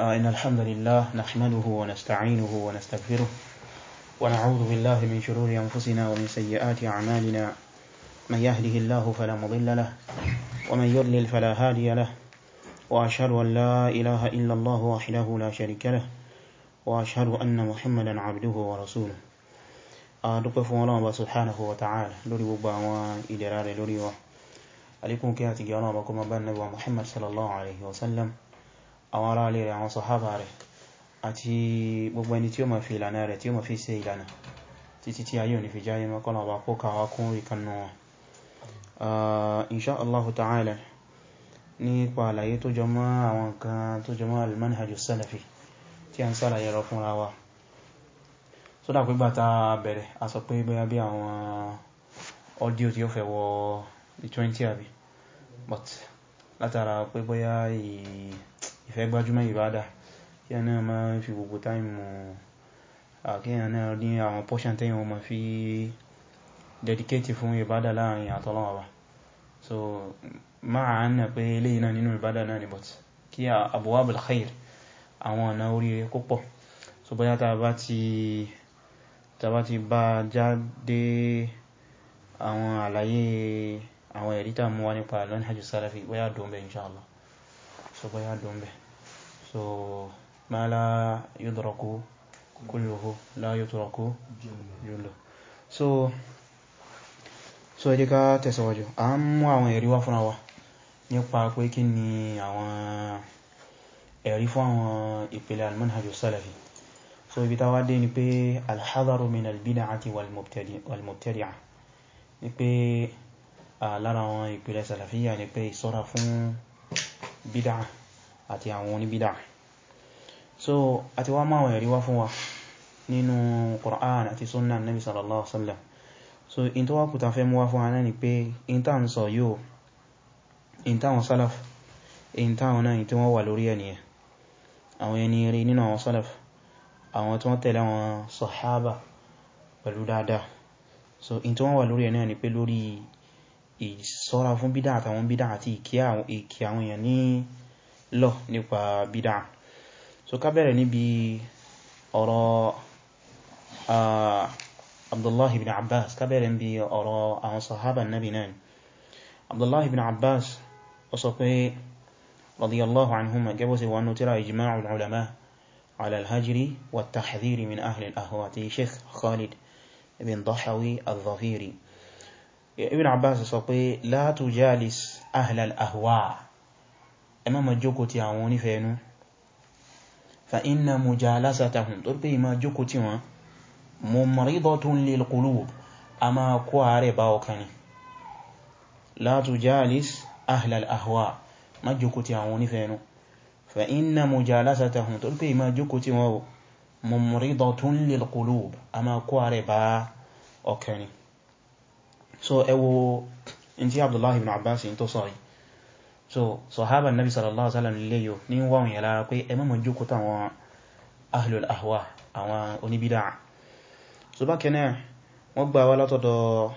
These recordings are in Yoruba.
آه، إن الحمد لله نحمده ونستعينه ونستغفره ونعوذ بالله من شرور أنفسنا ومن سيئات أعمالنا من يهده الله فلا مضل له ومن يضلل فلا هادي له وأشهد أن لا إله إلا الله وحده لا شريك له وأشهد أن محمدا عبده ورسوله أدوك آه، الله سبحانه وتعالى لوري بابا وإدرار لوري عليكم كياتي يا الله بكم محمد صلى الله عليه وسلم àwọn ará alẹ́ rẹ̀ àwọn sọ̀hábà rẹ̀ àti gbogbo ẹni tí ó ma fi ìlànà rẹ̀ tí ó ma fi ṣe ìlànà títí tí ayé òní fi jáyé mọ́kànlá wà kó kàwà kún ìkànnà wọn uh, inṣáàláhù ta'ala nípa àlàyé tó jọmọ́ àwọn nǹkan tó jọmọ́ almanhajjú salafi tí a ń sàlàyé rọ fúnra wa so dà pígbà ta bẹ̀rẹ̀ a sọ audio tí ó fẹ́ wọ 20 but látara pé bóyá ìyí ìfẹ́ gbájúmọ́ ìbádà kí a náà máa fi gbogbo táìmù àkíyàn náà ní àwọn portion tẹ́yìn wọn ma fi dedicate fún ìbádà láàrin àtọ́lọ́wà so máa ń nà pé ilé iná nínú ìbádà náà ni but kí abwabul khair àwọn ọ̀nà orí kó pọ̀ so bóyá ta bá ti ta bá ti bá jáde àwọn àlàyé àwọn ẹ̀rí tàà mú wá nípa lọ́nà hajjú salafi bóyá dùn bẹ́ inṣáàlá sọ pé yàdùn so ma la yudraku kulluhu la yudraku jùlọ so so ẹ jẹ́ ká tẹ̀síwájú a ń mú àwọn ẹ̀rí wá fúnra wa nípa pé kí ni àwọn ẹ̀rí fún àwọn ìpele al-manhaj salafi so ibi ta wá dé ni pé al-hadaru min al-bid'ati wal-mubtadi'a ni pé lára àwọn ìpele salafiyya ni pé ìṣọ́ra fún bídá àti àwọn oníbídá so àti wá máa wẹ̀rí wá fún wa nínú Qur'an àti sunna nabi sallallahu alaihi so in tó wá kù ta fẹ́ mú wá fún aná ni pé in ta ń sọ yóò in ta wọn salaf in ta wọn náà tí wọ́n wà lórí ẹni àwọn ẹni rí nínú àwọn salaf àwọn tí wọ́n tẹ̀lé àwọn sahaba pẹ̀lú dáadáa so in tí wọ́n wà lórí ẹni ni pé lórí ìṣọ́ra fún bídá àtàwọn bídá àti ìkí àwọn èèyàn ní lọ nípa bídá so ká bẹ̀rẹ̀ níbi ọ̀rọ̀ abdullahi ibn abbas ká bẹ̀rẹ̀ níbi ọ̀rọ̀ àwọn sahaba nabi náà abdullahi ibn abbas ó sọ pé radiyallahu anhu ma gẹ́bọ́ sí wọn tíra ìjìmá ulama ala wa at min ahli ahwa ti sheikh khalid ibn dhahawi al-dhafiri Ibn Abbas sọ pé la tujalis ahlal ahwa ẹ má ma jókó ti àwọn onífẹ́ẹnú fa inna mujalasatahum tó pé ìmá jókó ti wọn mumridatun lil qulub a máa kó ààrẹ bá ọkàn ni la tujalis ahlal ahwa má jókó ti àwọn onífẹ́ẹnú fa inna mujalasatahum tó pé ìmá jókó ti wọn mumridatun lil qulub a máa kó ààrẹ bá ọkàn ni so ẹwọ in tí abdullahi ibn abbas in tó so yìí so sahaba nabi sallallahu alaihi wasallam lè yóò ní wọ́n yẹ lára pé ẹmọ́ mọ̀ jókòó tàwọn ahlul ahwa àwọn oníbídá so bákẹ́nẹ̀ wọ́n gbà wá látọ̀dọ̀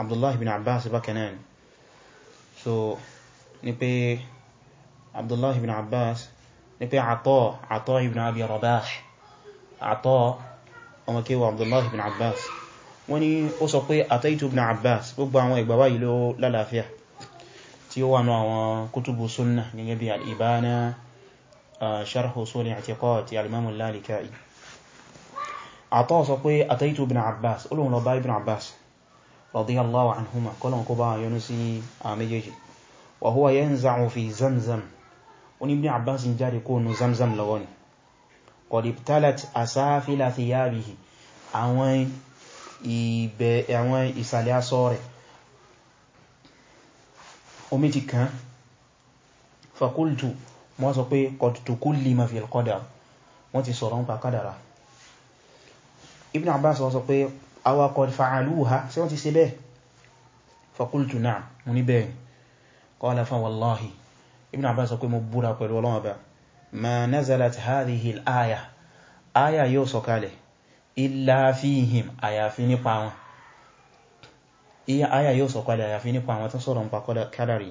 abdullahi ibn abbas bákẹ́nẹ̀ so ní pé abdullahi ibn abbas ní pé àtọ́ àtọ́ ibn abi rabah àtọ́ ọmọkéwà abdullahi ibn abbas wọ́n ní ó sọ pé àtàìtù ibn abbas gbogbo àwọn ìgbàwà yìí ló lálàáfíà tí ó wà ní àwọn kútùbù súnnà gẹ́gẹ́ bí al'ibana ah, sharh usul i'tiqad ti alimamun lalikai àtọ́ sọ pé àtàìtù ibn abbas olóhun lọ bá ibn abbas radiyallahu anhuma kọlọ̀n kó bá yọnu sí àmẹ́jẹ́jì wa huwa yanza'u fi zamzam oní ibn abbas ń àwọn ìbẹ̀ àwọn ìsàlẹ̀ aṣọ rẹ̀ omi ti kàn fakultu wọ́n sọ pé kọ̀tùtù kú lè ma fi alkọ́dà wọ́n ti sọ̀rọ̀ ń pa kádàrà Ibn Abbas wọ́n sọ pé awa qad sí wọ́n ti ṣe bẹ́ẹ̀ fakultu na'am mú ní bẹ́ẹ̀ qala illa fihim àyàfi nípa wọn iya aya yóò sọ̀kalẹ̀ àyàfi nípa àwọn tó sọ̀rọ̀ nípa kádàrí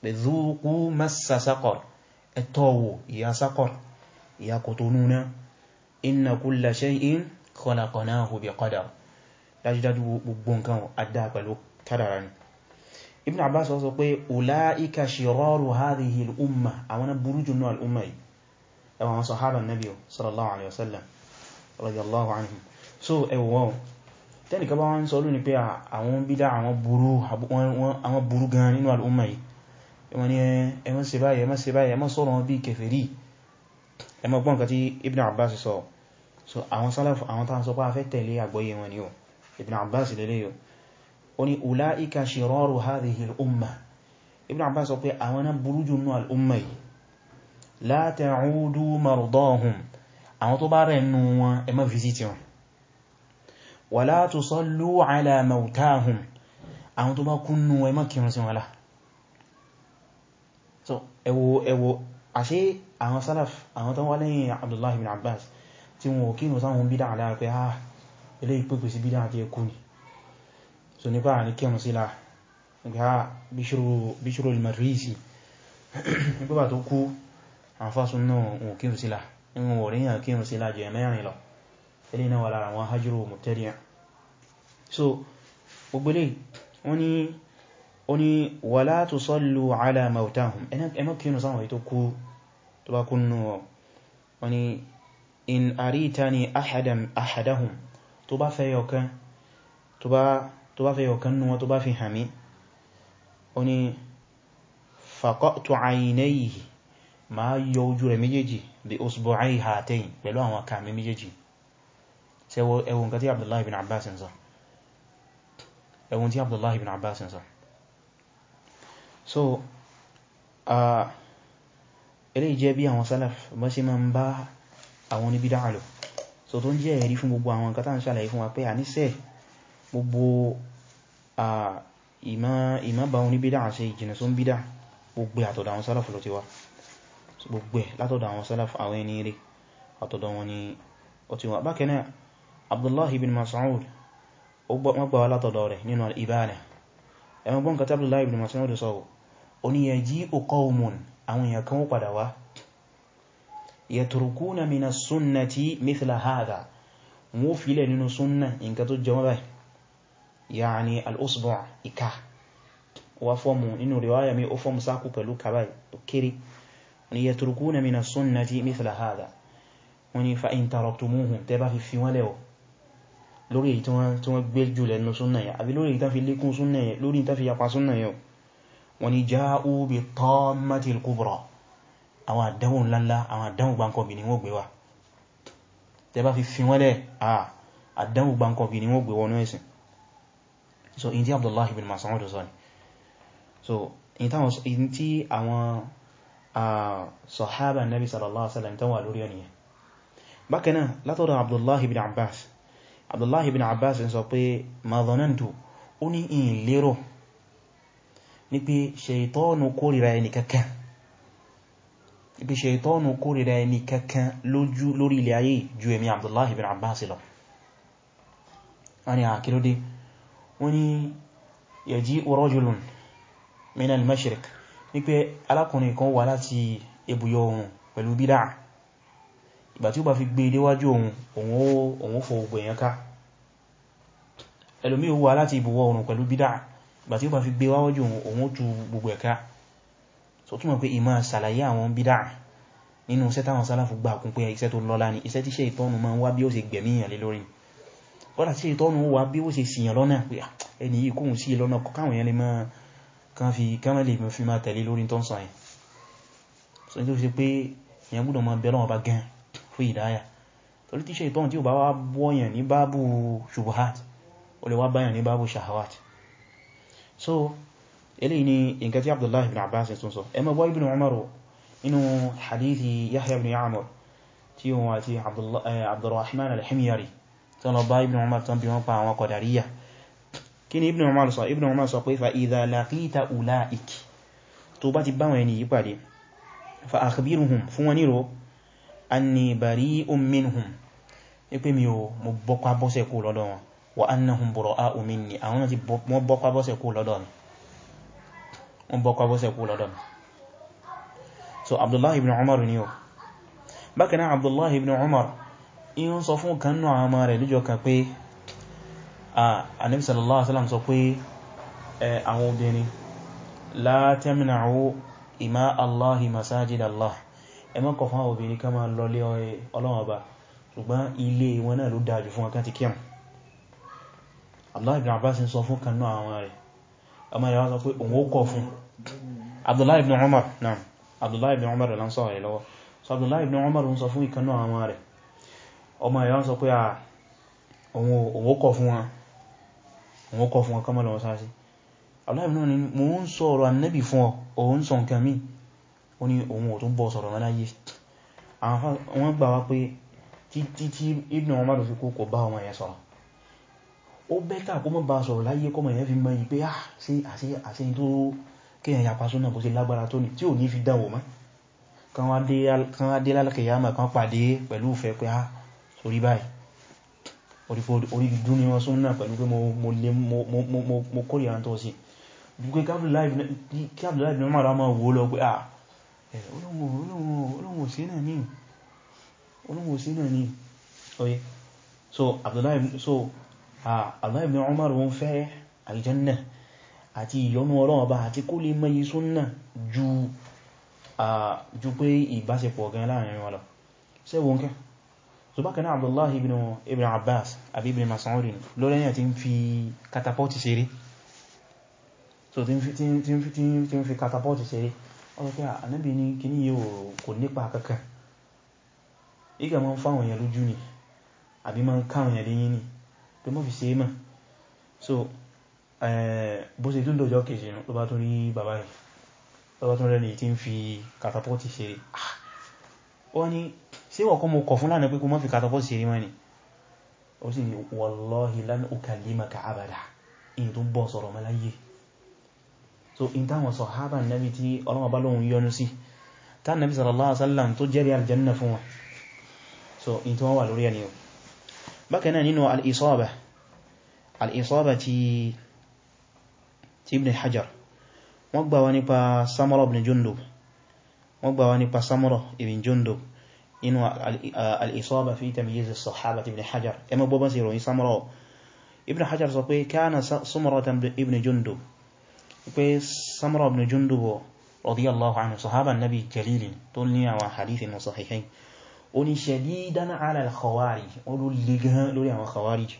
pé zuqu massa saqar ẹ̀tọ́wò ìyà saqar ìyà kòtò núná inna kulla shay'in khalaqnahu bi qadar dájúdájú gbogbo nǹkan adá pẹ̀lú kádàrá ni Ibn Abbas sọ pé ulaika shiraru hadhihi al-umma àwọn burú nabi sallallahu alaihi wasallam radiyallahu anhum so ẹwọ́ tẹ́nìkan bá wọ́n sọ lónìí pé àwọn bídá àwọn burú gan nínú al'umma yìí wọ́n ni ẹmọ́ ṣe báyìí ẹmọ́ ṣe báyìí ẹmọ́ sọ̀rọ̀ wọn bí kèfèrí ẹmọ́ gbọ́n kan Ibn Abbas sọ so àwọn sálàfù àwọn tán sọ pé a fẹ́ tẹ̀lé àgbọ́yé wọn ni o Ibn Abbas lélẹ́ yóò ó ní ulaika shiraru hadhihi al-umma Ibn Abbas sọ pé àwọn náà burú àwọn tó bá rẹ̀ nù wọn ẹ má visit wọn wala tusallu ala mautahum àwọn tó bá kúnnù ẹ má kírun sí wọn lá so ẹwọ ẹwọ àṣẹ àwọn salaf àwọn tó wá lẹ́yìn Abdullah ibn Abbas tí wọn kírun sáwọn bídá alára pé ah so nípa àní kírun sí láà nípa ah, Bishrul Marisi nípa tó kú àwọn fásún náà wọn kírun inú oríyàn kí n sí lájẹ̀ mẹ́rin lọ ilé náà wà lára wọn so gbogbo lè wọ́n ni wala tusallu ala mautahum ẹmọ́ kí n sáwọn ètò kú tó bá kúnnù wọ́n ni in aritani ahadan ahadahum tó bá fẹ́ yọkan tó bá fẹ́ yọkan nú wọn tó bá fi hàmí wọ́n faqatu aynayhi ma yọ ojú bí usbu'ai hatayn pẹ̀lú àwọn kàmí méjèèjì sẹ́wọ́ ẹwọ nǹkan tí abdullahi bin abbas ń sọ ẹwọ́n tí abdullahi bin abbas ń sọ so ilé jẹ́ bí àwọn salaf bá sí ma ń bá àwọn oníbí dáàlù so tó ń jẹ́ ẹ̀rí fún gbogbo àwọn nǹkan tá ń ṣàlàyé fún wa pé àníṣẹ́ gbogbo ìmá bá oníbí dáà ṣe ìjìnà só ń bídá gbogbo àtọ̀dà àwọn salaf lọ ti wá gbogbo ẹ̀ látọ̀dọ̀ àwọn salaf àwọn ẹni rí àtọ̀dọ̀ wọn ni ó ti wà bákan náà abdullahi bin mas'ud ó gbà wá látọ̀dọ̀ rẹ̀ nínú al-ibana ẹmọ gbọ́n kata abdullahi bin mas'ud sọ ó ní yaji'u qawmun àwọn èèyàn kan ó padà wá yatrukuna mina sunnati mithla hadha wọ́n filẹ̀ nínú sunna nǹkan tó jẹ báyìí ya'ni al-usbu' ìka wa fọ́mù nínú riwaya ó fọ́mù sákù pẹ̀lú kàbáyì tó ni yatrukuna min as-sunnati mithla hadha wọ́n ní fa in taraktumuhum tẹ́ bá fi fi wọ́n lẹ́wọ̀ lórí èyí tí wọ́n gbé jù lẹ́nu súnnà yẹn àbí lórí èyí tán fi lékún súnnà yẹn lórí tán fi yapa súnnà yẹn wọ́n ní ja'u bi tammati al-kubra àwọn àdánwò ńláńlá àwọn àdánwò gbáǹkọ̀bì ni wọ́n gbé wá tẹ́ bá fi fi wọ́n lẹ́ àdánwò gbáǹkọ̀bì ni wọ́n gbé wọnú ẹ̀sìn so in tí Abdullah ibn Mas'ud sọ ni so in tí àwọn Ah, sọ̀hábà nabi sallallahu alaihi wasallam tán wà lórí ọ̀nìyàn bákanáà látọ̀dọ̀ abdullahi bin abbas abdullahi bin abbas sọ pé mazonantu ó ní in lérò ní pé ṣeitọ́nù kórìíra ẹni kankan ibi ṣeitọ́nù kórìíra ẹni kankan lójú lórí ilẹ̀ ayé ju èmi abdullahi bin abbas lọ wọ́n ni àkílódé wọ́n ni yaji'u rajulun min al-mashriq wípé alákùnrin kan wà láti ebùyọ òun pẹ̀lú bídá ìgbà tí ó bá fi gbé e déwájú òun òun fò gbẹ̀ yẹn ká ẹlòmí ó wà láti ibùwọ̀ òun pẹ̀lú bídá ìgbà tí ó bá fi gbé e wáwájú òun òun tú gbogbo ẹ̀ká so túnmọ̀ pé ìmá sàlàyé àwọn bídá nínú iṣẹ́ táwọn sálàfù gbà kún pé iṣẹ́ tó lọ́lá ni iṣẹ́ tí ṣe ìtọ́nù máa ń wá bí ó ṣe gbẹ̀mí lé lórí kọ́lá tí ṣe ìtọ́nù wá bí ó ṣe sìyàn lọ́nà pé ah, ẹni yìí kóhun sí lọ́nà káwọn èèyàn lè máa kan fi kánmẹ́lì mú fi máa tẹ̀lé lórí tó ń sọ̀yìn so ní tó fi pé èyàn gbọ́dọ̀ mọ́ bẹ́lọ́wọ́ bá gan fún ìdáyà torí tí ṣaitan tí ó bá wá bọ́yàn ní bábù shubuhat ó wá báyàn ní bábù shahawat so eléyìí ni nǹkan tí Abdullah ibn Abbas tún sọ ẹ má gbọ́ ibn Umar inú hadithi Yahya ibn Amr tí wọn àti Abdurrahman al-Himyari tán lọ bá ibn Umar tán bí wọ́n pa àwọn Qadariyah kí ni ibn umar sọ ibn umar sọ pé fa idha laqita ulaik tó bá ti bá wọn ẹni yí pàdé fa akhbiruhum fún wọn níro anni bari'un minhum ipé mi o mo bọ́kwá bọ́sẹ̀ kó lọ́dọ̀ wọn wa annahum bura'u minni àwọn náà ti wọ́n bọ́sẹ̀ kó lọ́dọ̀ so abdullahi ibn umar ni o bákanáà abdullahi ibn umar in sọ fún kan náà àmà rẹ̀ kan pé Ah, Ànábì sallallahu alaihi wasallam sọ pé àwọn obìnrin la tamna'u ima Allahi masajid Allah ẹ má kọ̀ fún àwọn obìnrin ká máa lọlé Ọlọ́run Ọba ṣùgbọ́n ilé wọn náà ló dájú fún ọkàn ti kíyàn Abdullahi ibn Abbas sọ fún kanú àwọn rẹ̀ ọmọ rẹ̀ sọ pé òun ó kọ̀ fún Abdullahi ibn Umar náà Abdullahi ibn Umar rẹ̀ lọ́sọ̀ rẹ̀ lọ́wọ́ so Abdullahi ibn Umar sọ fún ìkanú àwọn rẹ̀ ọmọ rẹ̀ sọ pé ah, òun ó kọ̀ fún wọn àwọn kọ́ fún wọn kọ́mọ́ lọ́wọ́ sáàsí aláàbì náà ni mo ń sọ ọ̀rọ̀ annabi fún ọ òun sọ nǹkan mí ó ní òun ò tún bọ́ sọ̀rọ̀ mọ́ láyé wọ́n gbà wá pé títí tí Ibn Umar fi kó kò bá ọmọ yẹn sọ̀rọ̀ ó bẹ́tà kó mọ́ bá sọ̀rọ̀ láyé kọ́mọ̀ yẹn fi mọ́ yìí pé ah sí àṣẹ tó kéèyàn yapa súnà bó ṣe lágbára tó ní tí ò ní fi dáwò mọ́ kan wá dé lálẹ́kẹ̀yàmọ̀ kan pàdé pẹ̀lú ìfẹ́ pé ah sórí báyìí orí dúdú ní wọn súnnà pẹ̀lú pé mo kórì à ń tọ́ sí dúkẹ́ káàbùláì ní mara máa wó lọ pé ah olóhun òsì náà ní oye so Abdullahi ibn Umar wọn fẹ́ aljanna àti ìyọnú ọlọ́wọ́ bá àti kó lè mẹ́yí súnnà ju pé ìbáṣepọ̀ gan láàrin wọn lọ sẹ́wọ̀n kẹ́ so bákan náà abdullahi ibn ibn abbas àbí ibn masaudi lọ́lẹ́yìn tí ń fi katapọ́tì ṣeré so tí ń fi katapọ́tì ṣeré ọlọ́pẹ́ ah, ànábì ní kí ní yíò kò nípa kankan ìgbà ma ń fáwọn èèyàn lójú ni àbí ma ń káwọn èèyàn lẹ́yìn ni pé mọ́ fi ṣe mọ́ so bó ṣe tún dọjọ́ kejì ló bá tún rí bàbá yìí ló bá tún rẹ́ni tí ń fi katapọ́tì ṣeré ah! wọ́n ni sí wọ́n kọ́ mọ́ kọ̀ fún lánàá pé kó mọ́ fi kàtàkọ́ sí rímọ́ ni ó sì ní wallahi lan ukallimaka abada in tó bọ́ sọ̀rọ̀ mẹ́láyé so in táwọn sàhábà nabi tí ọlọ́wọ́ bá lóhun yọnu sí tá nabi sallallahu alaihi wasallam tó jẹ́rìí so in tó wà lórí ẹni bákan náà nínú al-isaba al-isaba ti ibn hajar wọ́n gbà wá inú al-isaba fi tamyiz as-sahaba ibn hajar ẹ mọ̀ bó bá ṣe ròyìn samura ibn hajar sọ pé kana samura ibn jundub pé samura ibn jundub radiyallahu anhu sahaba nabi jalilin tó ní àwọn hadith inú sahihain ó ní shadidan ala al-khawarij ó ló le gan lórí àwọn khawarij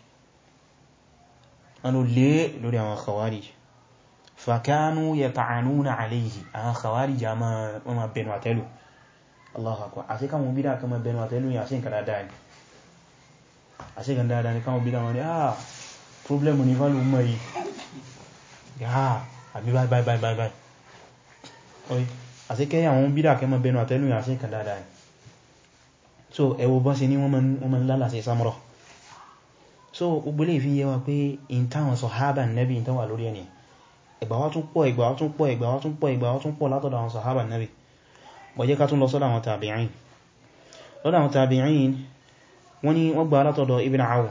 anu le lórí àwọn khawarij fakanu yata'anuna alayhi àwọn khawarij a ma bẹnu àtẹ́lù Allahu akbar àṣẹ káwọn bídá kan mọ́ bẹnu àtẹ́lú yà sí nǹkan dáadáa ni àṣẹ kan dáadáa ni káwọn bídá wọn ni ah problem ní fálù mọ́ yìí yáà àbí báyìí báyìí báyìí báyìí oye àṣẹ kẹ́yà wọn bídá kan mọ́ bẹnu àtẹ́lú yà sí nǹkan dáadáa so ẹwọ bọ́ sí ní wọ́n mọ́ lálàsẹ̀ samurọ̀ so gbogbo lè fi yé wa pé in táwọn sọ̀hábà nẹ́bí in táwà lórí ẹni ẹgbàwá tún pọ̀ ẹgbàwá tún pọ̀ ẹgbàwá tún pọ̀ ẹgbàwá tún pọ̀ látọ̀dọ̀ àwọn sọ̀hábà bó jẹ́ ká tún lọ sọ́dọ̀ àwọn tàbí'in lọ́dọ̀ àwọn tàbí'in wọ́n ni wọ́n gbà látọ̀dọ̀ ibn Awn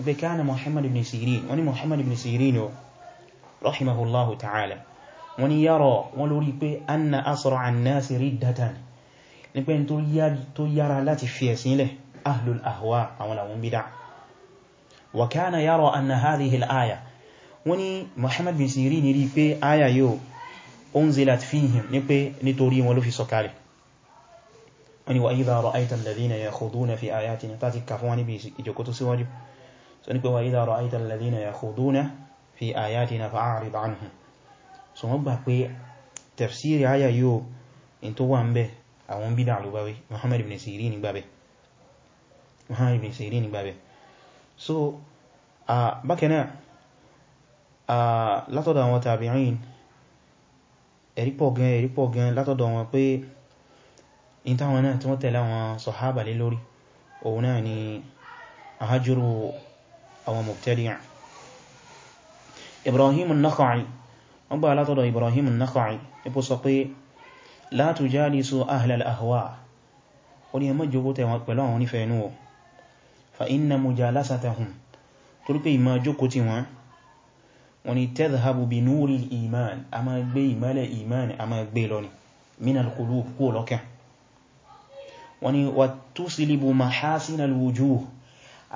ipe kana Muhammad ibn Sirin wọ́n ni Muhammad ibn Sirin o rahimahullahu ta'ala wọ́n ni yara wọ́n lórí pé anna asra'a an-nasi riddatan ni pé tó yára láti fi ẹ̀sìnlẹ̀ ahlul ahwa àwọn unzilat fihim ní pé nítorí wọn ló fi sọ̀kalẹ̀ wọ́n ni wa idha ra'aita alladhina yakhuduna fi ayatina tàti kà fún wọn níbi ìjọkó tó síwájú so ní pé wa idha ra'aita alladhina yakhuduna fi ayatina fa'arid anhum so wọ́n gbà pé tafsiri aya yóò in tó wà ń bẹ àwọn bídà àlúbáwé Muhammad ibn Sirin gbàbẹ̀ Muhammad ibn Sirin gbàbẹ̀ so bákanáà látọ̀dọ̀ àwọn tabi'in ẹ̀rí pọ̀ gan ẹ̀rí pọ̀ gan látọ̀dọ̀ wọn pé in táwọn náà tí wọ́n tẹ̀lé àwọn sọ̀hábà lé lórí òun náà ni àhájúrú àwọn mubtadi'a ibrahim an-nakhai wọ́n gbà látọ̀dọ̀ ibrahim an-nakhai ipò sọ pé la tujalisu ahla al-ahwa ó ní ẹ má jókòó pẹ̀lú àwọn onífẹ́ fa inna mujalasatahum torípé ìmá jókòó ti wọn wọ́n ni tadhhabu bi nuril iman a máa gbé ìmọ́lẹ̀ iman a máa gbé lọ ni minal qulub kó lọ́kàn wọ́n ni wa tuslibu mahasinal wujuh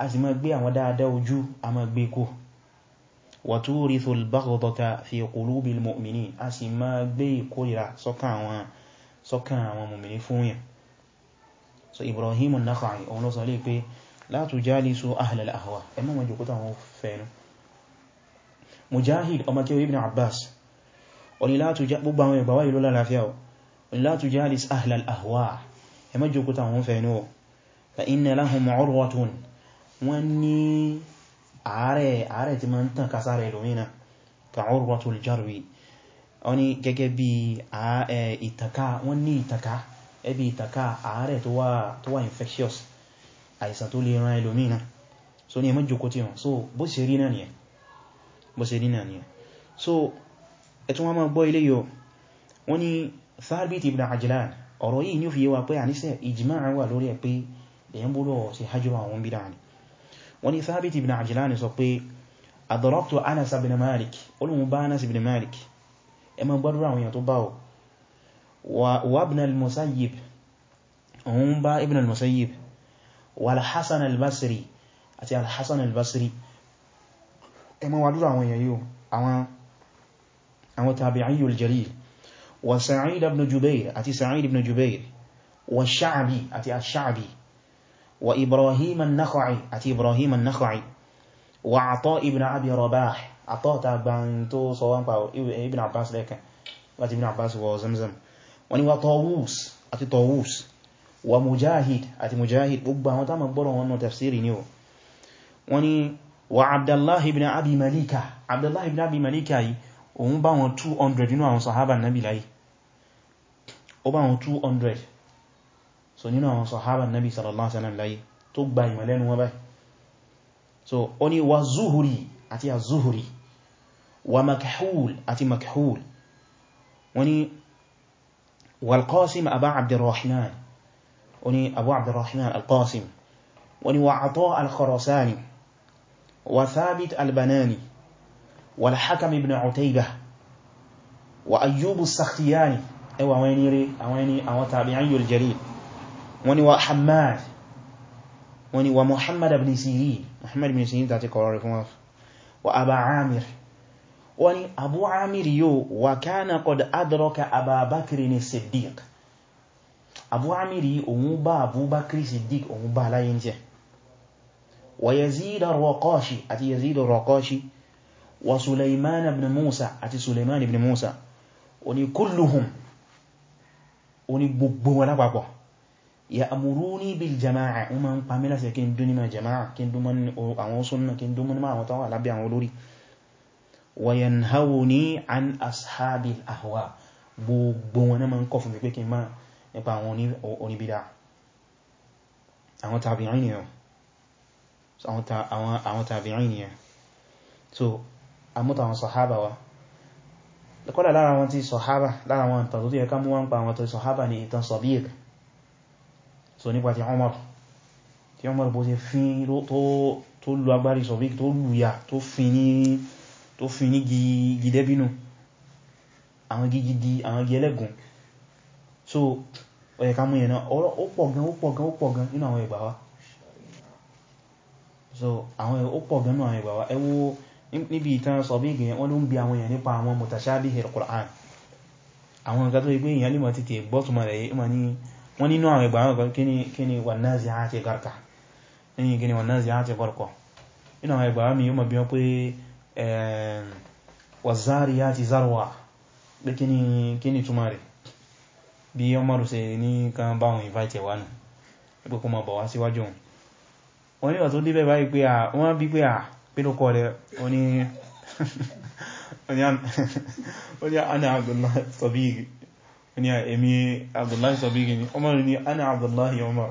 a sì máa gbé àwọn dáadáa ojú a máa a sì máa gbé àwọn mu'mini fún yàn so Ibrahim an-Nakha'i òun ló mujahid ọmọ kí o ibn abbas onílátù já gbogbo àwọn ìgbàwà ìlú lálàáfíà o onílátù já lè ahlal ahwa ẹ mọ́ jókúta wọn fẹ́ inú fa inna lahum urwatun wọ́n ní ààrẹ tí ma ń tàn kására ìlúmínà ka urwatul jarwi wọ́n ní gẹ́gẹ́ bí ìtàká wọ́n ní ìtàká ẹbí ìtàká ààrẹ tó wà infectious àìsàn tó lè ran ìlúmínà so ní ẹ mọ́ jókúta wọn so bó ṣe rí náà nìyẹn bó ṣe ni so ẹ̀tún wọn máa gbọ́ ilé yọ wọ́n ni Thabit ibn Ajlan ọ̀rọ̀ yìí ni ó fi yíwa pé àníṣẹ́ ìjìmá wà lórí ẹ̀ pé lèyàn búrọ̀ sí hajjúrò àwọn bídá ni Malik olùmú bá Anas Malik ẹ ma gbọ́dọ̀ àwọn èèyàn tó bá wa ibn al-Musayyib òun bá ibn al-Musayyib ẹmọ wà lórí àwọn èèyàn yíò àwọn tabi'iyul jalil wa sa'id ibn jubair àti sa'id ibn jubair wa sha'bi àti ash-sha'bi wa ibrahim an-nakhai àti ibrahim an-nakhai wa ata ibn abi rabah ata ta gban tó sọ wọn pa ibn abbas lẹ́kan láti ibn abbas wọ zamzam wani wa tawus àti tawus wa mujahid àti mujahid gbogbo àwọn tá wọn tafsiri ni wani wa abdullah ibn abi malika abdullah ibn abi malika yìí òun bá wọn 200 nínú àwọn sahaba nabi láyé ó bá wọn 200 so nínú àwọn sahaba nabi sallallahu alaihi wasallam láyé tó gba ìmọ̀ lẹ́nu wọn bayi so oni wa zuhuri àti az-zuhuri wa makhul àti makhul oni wal qasim aba abdurrahman oni abu abdurrahman al qasim oni wa وني al الخراساني وثابت البناني والحكم ابن عتيبة وأيوب السختياني ẹwà àwọn ẹni rí àwọn ẹni àwọn tabi'in al-jalil wọ́n ni wa Hammad wọ́n ni wa Muhammad ibn Sirin Muhammad ibn Sirin tàti kọrọrẹ fún wa wa Aba Amir wọ́n ni Abu Amir yóò wa kana qad adraka Aba Bakri ni Siddiq Abu Amir yìí òun bá Abu Bakri Siddiq òun bá láyé jẹ́ ويزيد الرقاشي أتي يزيد الرقاشي وسليمان بن موسى أتي سليمان بن موسى وني كلهم وني ببو ولا بابا يأمروني بالجماعة وما نقامل سيكين دوني ما جماعة كين دومن أو سنة كين دومن ما أمتوا على بيع ولوري وينهوني عن أصحاب الأهواء gbogbo wọn náà ma ń ما fún mi pé kí n àwọn tàbí'in nìyẹn so àmúta àwọn sọ̀hábà wa lọ́kọ́dà lára wọn ti sọ̀hábà lára wọn tàbí tó yẹ ká mú wọn pa àwọn tó sọ̀hábà ní ìtàn sọ̀bír so nípa ti Umar tí Umar bó ṣe fín tó lu agbárí sọ̀bír tó lu ya tó fín ní gidẹ́bínú àwọn gidi àwọn gí ẹlẹ́gùn so ó yẹ ká mú yẹn náà ó pọ̀ gan ó pọ̀ gan ó pọ̀ gan nínú àwọn ìgbà wa so àwọn ó pọ̀ gan náà ìgbà wa ẹ wo níbi ìtàn sọ bí ìgbìyàn wọ́n ló ń bi àwọn èèyàn nípa àwọn mutashabih al-Qur'an àwọn nǹkan tó yí pé èèyàn lè mọ̀ títẹ̀ gbọ́tùmọ̀ rẹ̀ yí wọ́n nínú àwọn ìgbà àwọn ìgbà kíni wà náà sí àti garka ẹ̀yìn kíni wà náà sí àti garka inú àwọn ìgbà mi yíò mọ̀ bí wọ́n níwà tó débẹ̀ báyìí pé à wọ́n bí pé à pínúkọ rẹ̀ oní ana abdullahi sabiri ní èmi abdullahi sabiri ni Umar ni ana abdullahi Umar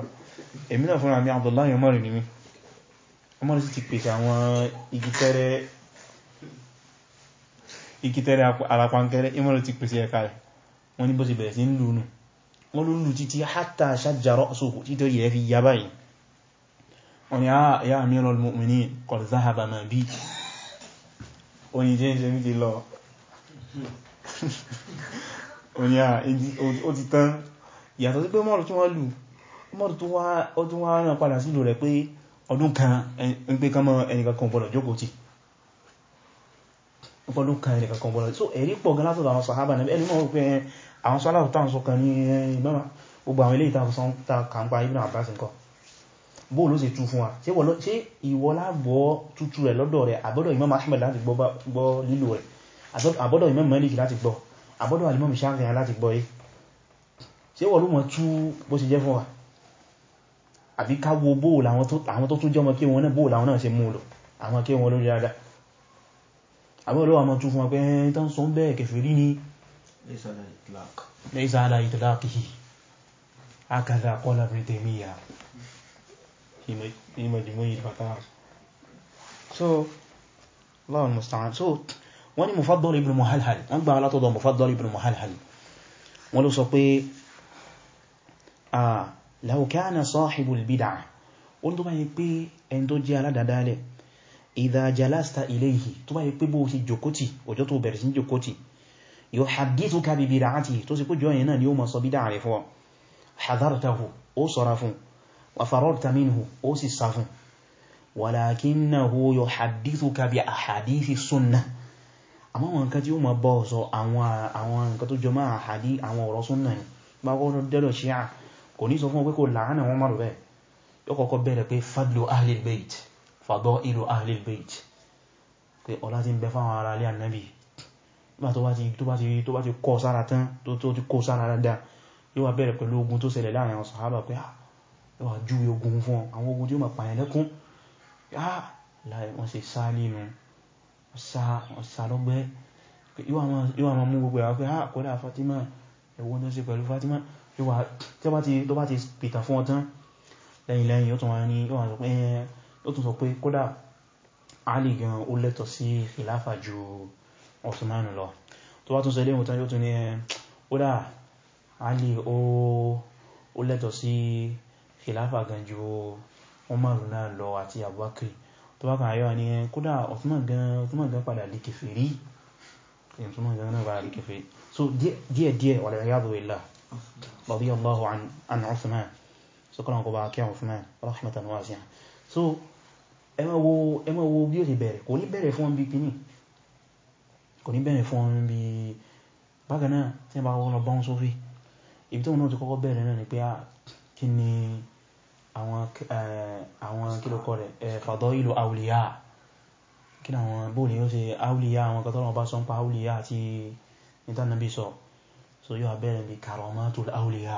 èmi náà fúnra mi abdullahi Umar ni mi Umar sì ti pèsè àwọn igitẹ́rẹ alapankẹrẹ Umar ti pèsè ẹ̀ka rẹ̀ wọ́n ní bó ti bẹ̀rẹ̀ sí ń lùnù wọ́n ló títí hátà ṣájárọ́ sókò títọ́ yẹ̀ fi yá wọ́n ah, ya amiral mu'minin qad zahaba ma bi wọ́n ni jẹ́ mi ti lọ wọ́n ya ah, ó ti tán yàtọ̀ sí pé mọ́rù tí wọ́n lù mọ́rù tó wá rán padà sílò rẹ̀ pé ọdún kan ń pé kánmọ́ ẹnìkan kan bọ́lọ̀ jókòó tí ọdún kan ẹnìkan kan bọ́lọ̀ so ẹ̀rí pọ̀ gan látọ̀dọ̀ àwọn sàhábà náà ẹni mọ́ pé eh, àwọn sọ́lá bó ló sì tú fún wa ṣe ìwọ lágbọ́ tútù rẹ̀ lọ́dọ̀ rẹ̀ àbọ́dọ̀ Imam Ahmed láti gbọ́ lílò rẹ̀ àbọ́dọ̀ Imam Malik láti gbọ́ àbọ́dọ̀ alimọ́mù sáàrin láti gbọ́ yìí ṣe wọ́n ló mọ̀ tú bó ṣe jẹ́ fún wa àbí ká wo bó làwọn tó tún jọmọ kí wọn náà bó làwọn náà ṣe mú lọ àwọn kí wọn يميز بتاعه so الله المستعان so wọ́n ní Mufaddal ibn Muhalhal wọ́n gbà látọ̀dọ̀ Mufaddal ibn Muhalhal wọ́n ló sọ pé ah law kana sahibul bid'ah wọ́n tó bá yí pé ẹni tó jẹ́ aládàdálẹ̀ idha jalasta ilayhi tó bá yí pé bó ti jòkótì ọjọ́ tó bẹ̀rẹ̀ sí jòkótì yuhaddithuka bi bid'atihi tó sì kó jọ yẹn náà ni ó mọ̀ sọ bídà rẹ̀ fọ́ hadartahu ó sọ́ra fún وفررت منه أوسي الصفن ولكنه يحدثك بأحاديث السنة àmọ́ àwọn nǹkan tí ó ma bọ́ sọ àwọn nǹkan tó jọ máa àhàdí àwọn ọ̀rọ̀ súnnà ni bá kọ́ dẹ́lọ̀ ṣíà kò ní sọ fún pé kò láàánà wọn márùn bẹ́ẹ̀ yọ́kọ̀ọ́kọ́ bẹ̀rẹ̀ pé fadlu ahlil bayt fadailu ahlil bayt pé ọlá ti ń bẹ wà júwe ogun fún àwọn ogun tí ó ma pààyàn lẹ́kún wọ́n ṣe sá nínú sá lọ́gbẹ́ yíwa ma mú gbogbo ẹ̀wà pé kódà Fatima ẹ̀wọ́n tó ṣe pẹ̀lú Fatima tó bá ti pìtà fún ọtán lẹ́yìn lẹ́yìn ó tún sọ pé kódà Ali gan ó lẹ́tọ̀ sí khilafa ju Osman lọ tó bá tún sọ léhùn tán yóò tún ní ẹ̀ kódà Ali ó lẹ́tọ̀ sí khilafa khilafa gan ju umaru náà lọ àti abubakar tó bá kan ayọ́ ni kódà Uthman gan padà di kèfèrí Uthman gan náà padà di kèfèrí so díẹ̀díẹ̀ wal iyadhu billah radiyallahu an Uthman so kọ́nà kọba kí Uthman rahmatan wasi'a so ẹ máa wo bí ó ti bẹ̀rẹ̀ kò ní bẹ̀rẹ̀ fún bí kíní kò ní bẹ̀rẹ̀ fún bí bákan náà tí a bá wọ́n lọ bá ń sófí ibi tó náà ti kọ́kọ́ bẹ̀rẹ̀ náà ni pé ah, kí àwọn kílòkọ rẹ̀ fadailu awliya kí náà wọn bóòlì yóò ṣe aulia, àwọn kan bá sọ ń pa aulia, àti ìtànàbí sọ so yóò abẹ́rẹ̀ bí karamatul aulia,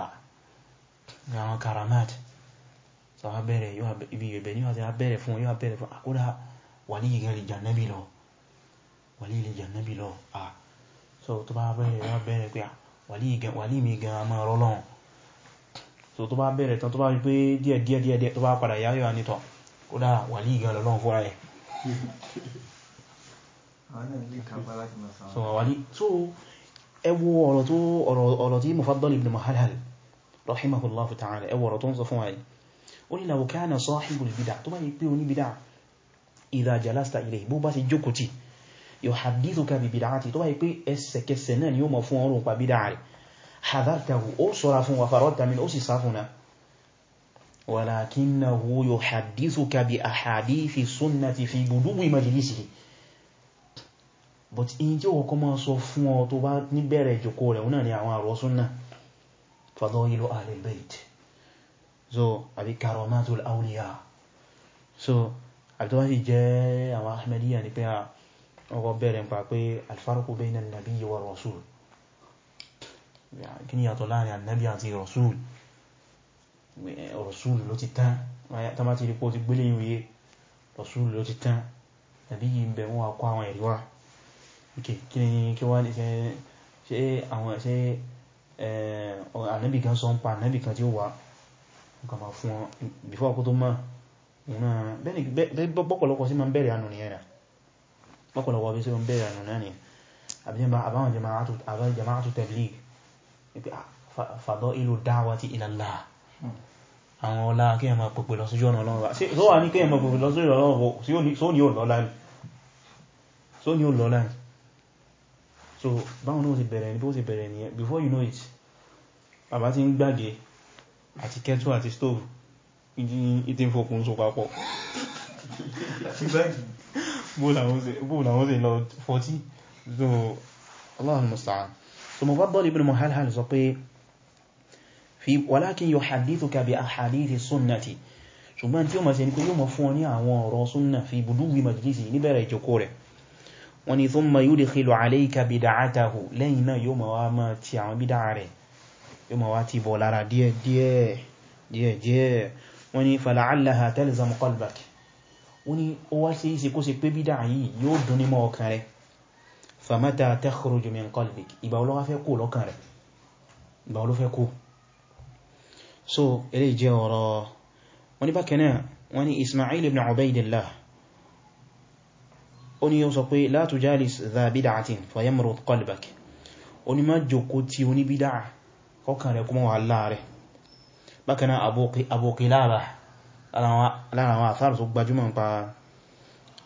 àwọn karamat so abẹ́rẹ̀ yóò ibi ìbẹ̀ ní wọ́n ti abẹ́rẹ̀ fún yóò abẹ́rẹ̀ fún àkúrà wàlí ìgẹ̀lì jànnábì lọ wàlí ìlì jànnábì lọ ah so tó bá abẹ́rẹ̀ yóò abẹ́rẹ̀ pé wàlí mi gan so tó bá bẹ̀rẹ̀ tán tó bá rí pé díẹ̀ díẹ̀ díẹ̀ díẹ̀ tó bá padà yáyọ̀ anítọ̀ ó dára wà ní ìgbà lọ́lọ́run fúnra ẹ̀ so ẹ wo ọ̀rọ̀ tó ọ̀rọ̀ tí Mufaddal ibn Muhalhal rahimahullahu ta'ala ẹ wo ọ̀rọ̀ tó ń sọ fún wa yìí ó ní law kana sahibul bid'ah tó bá yí pé oní bid'ah idha jalasta ilayhi bó bá ti jókòó tì yuhaddithuka bi bid'ati tó bá yí pé ẹsẹ̀kẹsẹ̀ náà ni ó mọ̀ fún ọrùn pa bid'ah hadartahu ó sọ́ra fún wa farọ́ta min ó sì sá fún náà ولكنه يحدثك بأحاديث السنة في غدو مجلسه but in je o ko ma sọ fún ọ tó bá ní bẹ̀rẹ̀ jókòó rẹ̀ una ni àwọn aro sunna fadailu ahli so àbí karamatul awliya so alto wa jẹ́ àwọn ahmadiyya ní pé a o bẹ̀rẹ̀ npa pé al farqu kí ni yàtọ̀ láàrin annabi àti rasul rasul ló ti tán tán bá ti rí pọ́ ti gbélé yíye rasul ló ti tán tàbí yìí bẹ̀ wọ́n akọ àwọn ẹ̀rí wá kí ni kí wá ṣe àwọn ṣe annabi kan sọ ń pa annabi kan tí ó wà nǹkan ma fún wọn bífọ́ ọkú tó máa bọ́pọ̀lọpọ̀ sí ma bẹ̀rẹ̀ ànù náà ni àbáwọn jama'atu tabligh wípé ah, fadailu da'wati ila Allah hmm. àwọn ọlá kí ẹ ma pèpè lọ sójú ọ̀nà Ọlọ́run sí ó wà ní kí ẹ ma pèpè lọ sójú ọ̀nà Ọlọ́run sí ó ní ò lọ́lá ní so ní ò lọ́lá ní so báwọn náà ti bẹ̀rẹ̀ ní bó ti bẹ̀rẹ̀ ní before you know it bàbá ti ń gbàgbé àti kẹ́tù àti stove ìdí fòkún so papọ̀ bó làwọn ṣe lọ 40 so Allahul musta'an so Mufaddal ibn Muhalhal sọ pé fi walakin yuhaddithuka bi ahadithi sunnati ṣùgbọ́n tí ó máa ṣe ní pé yóò máa fún ọ ní àwọn ọ̀rọ̀ súnnà fi buduwi majlisi níbẹ̀rẹ̀ ìjókòó rẹ̀ wọ́n ni thumma yudkhilu alayka bid'atahu lẹ́yìn náà yóò máa wá máa ti àwọn bídá rẹ̀ yóò máa wá ti bọ̀ lára díẹ̀ díẹ̀ díẹ̀ díẹ̀ wọ́n ni fala'allaha talzamu qalbak wọ́n ni ó wá sí ìṣe kó ṣe pé bídá yìí yóò dún ní mọ́ ọkàn rẹ̀ famata takhruju min qalbik ìgbà wo ló wá fẹ́ kú lọ́kàn rẹ̀ ìgbà wo fẹ́ kú so ilé jẹ́ ọ̀rọ̀ wọ́n ní bákan náà wọ́n ní ismail ibn ubaidillah ó ní yóò sọ pé la tujalis dha bid'atin fayamrud qalbak ó ní má jókòó ti oníbídà kọkàn rẹ̀ kúmọ̀ wà láàrẹ̀ bákan náà abu lára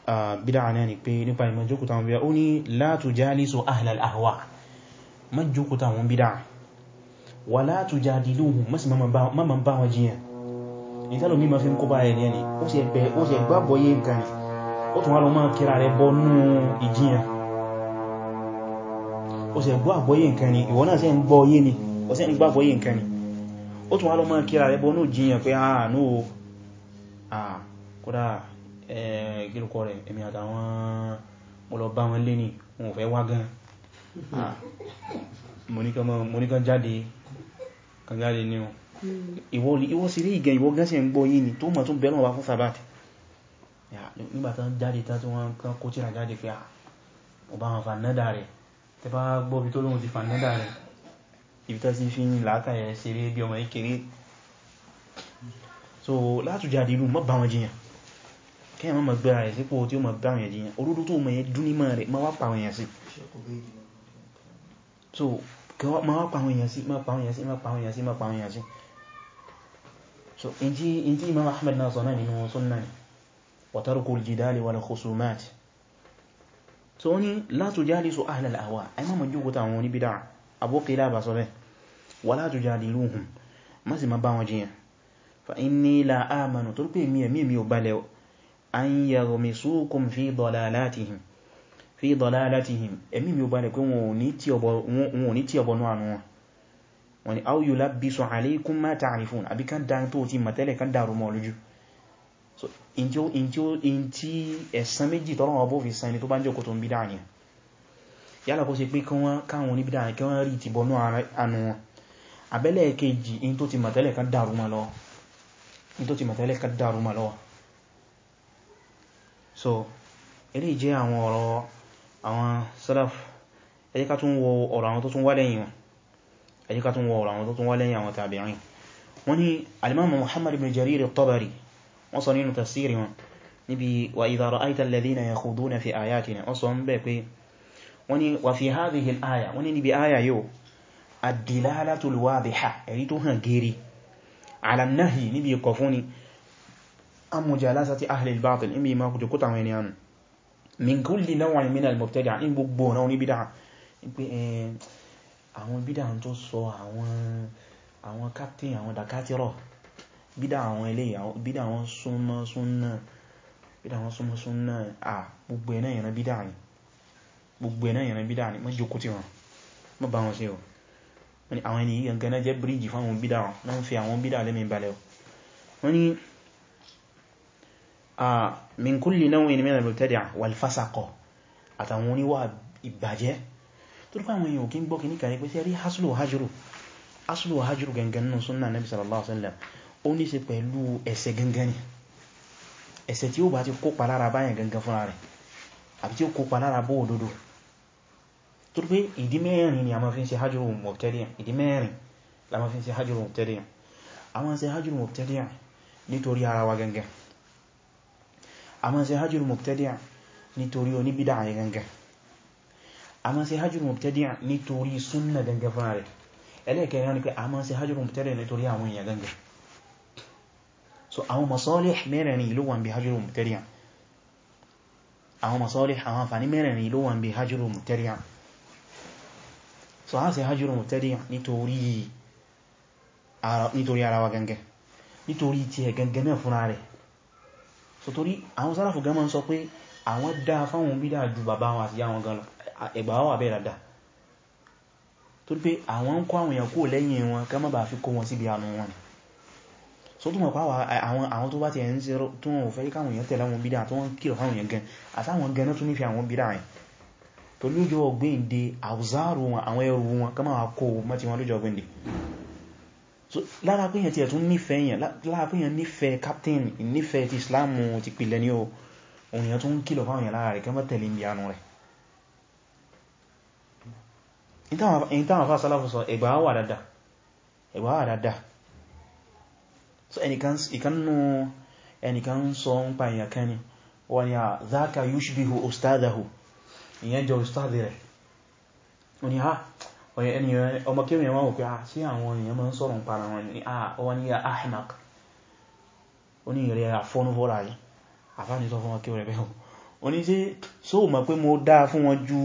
Ah, bídá náà ni pé nípa ìmọ̀jókúta wọn bídá ó ní la tujalisu ahlal ahwa mọ̀jókúta wọn bídá wà la tujadiluhum mọ́sí mọ́mọ́ bá wọn jiyàn ìtàlù mí ma fi ń kó bá ẹni ẹni ó sì ẹgbẹ́ ó sì ẹgbàbọ̀yé gan nǹkan ni ó tún wá lọ máa kíra kílùkọ́ rẹ̀ èmi àtàwọn mọ́lọ bá wọn lé ní wọn ò fẹ́ wá gan mo ní kan jáde kan jáde ní o ìwọ sí rí ìgẹ̀ ìwọ gẹ́sẹ̀ ń gbọ́ yìí ni tó mọ̀ tún bẹ̀rẹ̀ wá fún sabat nígbàtán jáde tán tí wọ́n kan kó tíra jáde fi ọba wọn fanẹ́dà rẹ̀ tẹ bá gbọ́bi tó lóhun ti fanẹ́dà rẹ̀ ibi tán sí fi ń látàyẹ̀ ṣeré bí ọmọ ìkéré so látùjáde mọ́ bá wọn jiyàn kí ẹmọ́ mọ̀ gbé ara ẹ̀sípò tí ó mọ̀ bá àwọn ẹ̀jìyàn orúdú tó mọ̀ ẹ̀dún ní mọ̀ rẹ̀ ma wá pàwọn èèyàn sí so ma wá pàwọn èèyàn sí ma pàwọn èèyàn sí ma pàwọn èèyàn sí ma pàwọn èèyàn sí so in tí imam ahmed náà sọ náà nínú sunnah ni wa tarkul jidali wal khusumat so ní la tujalisu ahlal ahwa ai ma mọ̀ jókòó táwọn oníbídà abókèlá bá sọ bẹ́ẹ̀ wala tujadiluhum má sì ma bá wọn jiyàn fa inni la amanu torí pé èmi èmi ò balẹ̀ an yaghmisukum fi dalalatihim fi dalalatihim èmi mi ò bá lè pé wọn ò ní tí ọbọ wọn ò ní tí ọbọ nu anu wọn wọ́n ní aw yulabbisu alaykum ma wọn ni tó bá ń jókòó tó ń bídà ni kan wọn tó ti mọ̀ kan dàrú mọ́ lọ in tó ti mọ̀ kan dàrú mọ́ lọ so èléyìí jẹ́ àwọn ọ̀rọ̀ àwọn salaf ẹ jẹ́ ká tún wo ọ̀rọ̀ àwọn tó tún wá lẹ́yìn wọn ẹ jẹ́ ká tún wo ọ̀rọ̀ àwọn tó tún wá lẹ́yìn àwọn tabi'in wọ́n ní al-imam muhammad ibn jarir at-tabari wọ́n sọ nínú tafsiri wọn níbi wa idha ra'ayta alladhina yakhuduna fi ayatina wọ́n sọ ń bẹ̀ pé wọ́n wa fi hadhihi al-aya wọ́n ní níbi aya yóò ad-dilalatu al-wadiha èyí tó hàn gẹ́rẹ́ ala an-nahy níbi ìkọ̀ an mujalasati ahli al-batil in bi ma ku jokuta àwọn ènìyàn min kulli naw'in min al-mubtadi'a in gbogbo na oni bid'a pé eh àwọn bid'a n tó sọ àwọn àwọn captain àwọn dakatiro bid'a àwọn eleyi bid'a àwọn sunna sunna bid'a àwọn sunna sunna ah gbogbo ẹ̀ náà bid'a ni gbogbo ẹ̀ náà bid'a ni má jokuti wọn má bá wọn ṣe o wọ́n ní àwọn ènìyàn gangan na jẹ́ bíríjì fáwọn bídá wọn fi àwọn bídá lẹ́mìí balẹ̀ wọ́n ní Ah, min kulli naw'in min al-mubtadi'ah wal fasaqo àtàwọn oníwà ìbàjẹ́ tó rípa àwọn èèyàn kí ń gbọ́ kì ní kàrí pé sí rí haslu hajru haslu hajru gangan nù súnnà nabi sallallahu alaihi wasallam ó ní ṣe pẹ̀lú ẹ̀ṣẹ̀ gangan ni ẹ̀ṣẹ̀ tí ó bá ti kópa lára báyàn gangan fúnra rẹ̀ àbí tí ó kópa lára bó òdodo tó rí pé ìdí mẹ́rin ni a ma fi hajru mubtadi'ah ìdí mẹ́rin la ma fi ń hajru mubtadi'ah àwọn ṣe hajru mubtadi'ah nítorí ara wa gangan a ma ṣe hajjul mubtadi'a nítorí oníbídà ayé gangan a ma ṣe hajjul mubtadi'a nítorí súnnà gangan fún rẹ̀ ẹlẹ́ẹ̀kẹ́rin ni pé a hajjul mubtadi'a nítorí àwọn èèyàn gangan so àwọn masalih mẹ́rẹ̀rin ló wà ń bí hajjul mubtadi'a àwọn masalih àwọn àǹfààní mẹ́rẹ̀rin ló wà so a ṣe hajjul mubtadi'a nítorí ara wa gangan nítorí ti ẹ̀ gangan rẹ̀ so torí àwọn sálàfù gan máa ń sọ pé àwọn dá fáwọn bídá ju bàbá wọn àti yá wọn gan lọ ẹgbà wà bẹ́ẹ̀ dada torí pé àwọn ń kọ́ àwọn èèyàn kúrò lẹ́yìn wọn ká má bàá fi kó wọn síbi àánú wọn so tó mọ̀ pá àwọn tó bá ti ẹ̀yìn tó wọn ò fẹ́ káwọn èèyàn tẹ̀lé àwọn èèyàn gan àtàwọn bídá lára pé yẹn ti ẹ̀tún nífẹ̀ẹ́ yẹn lára pé yẹn nífẹ̀ẹ́ captain nífẹ̀ẹ́ ti islamu ti pìlẹ̀ ní o òyìn tó ń kìlọ̀ fáwọn yẹn lára rẹ̀ kẹ́ mọ́ tẹ̀lé ibi anú rẹ̀ in táwọn ẹgbà wà dáadáa so ẹnìkan sọ ń pa èèyàn kan ni ah, yushbihu ustadahu ìyẹn jọ ustadi rẹ̀ wọ́n ọ̀yẹ̀ ènìyàn ọmọkéwìn yẹn wọ́n wò pé à ah, sí àwọn èèyàn máa ń sọ̀rọ̀ ń para wọn ah, ní àwọn ah, ní ahmaq oní ìrẹ́ àfọ́núfọ́ra yìí àfáàní sọ fún ọmọkéwìn rẹ̀ bẹ́ẹ̀ o ní sí só mọ̀ pé mo dáa fún wọn ju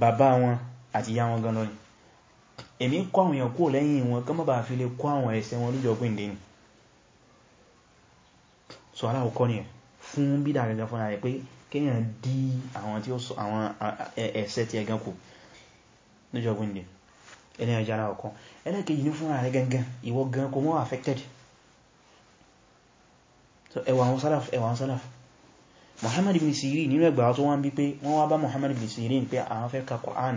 bàbá wọn àti ìyá wọn gan-an ni èmi so aláwọ̀kọ́ ni fún bídà gẹ́gẹ́ fún ara rẹ̀ pé kéèyàn dí àwọn ẹ̀ṣẹ̀ ti ẹ̀gán kù níjọ gbìndì ẹni ẹjára ọ̀kan ẹlẹ́kejì ní fún ààrẹ gangan ìwọ gan kò mọ́ affected so ẹwà wọn sálàf ẹwà wọn sálàf Muhammad bin Sirin nínú ẹgbà tó wọ́n bí pé wọ́n wá bá Muhammad ibn Sirin pé àwọn fẹ́ ka Qur'an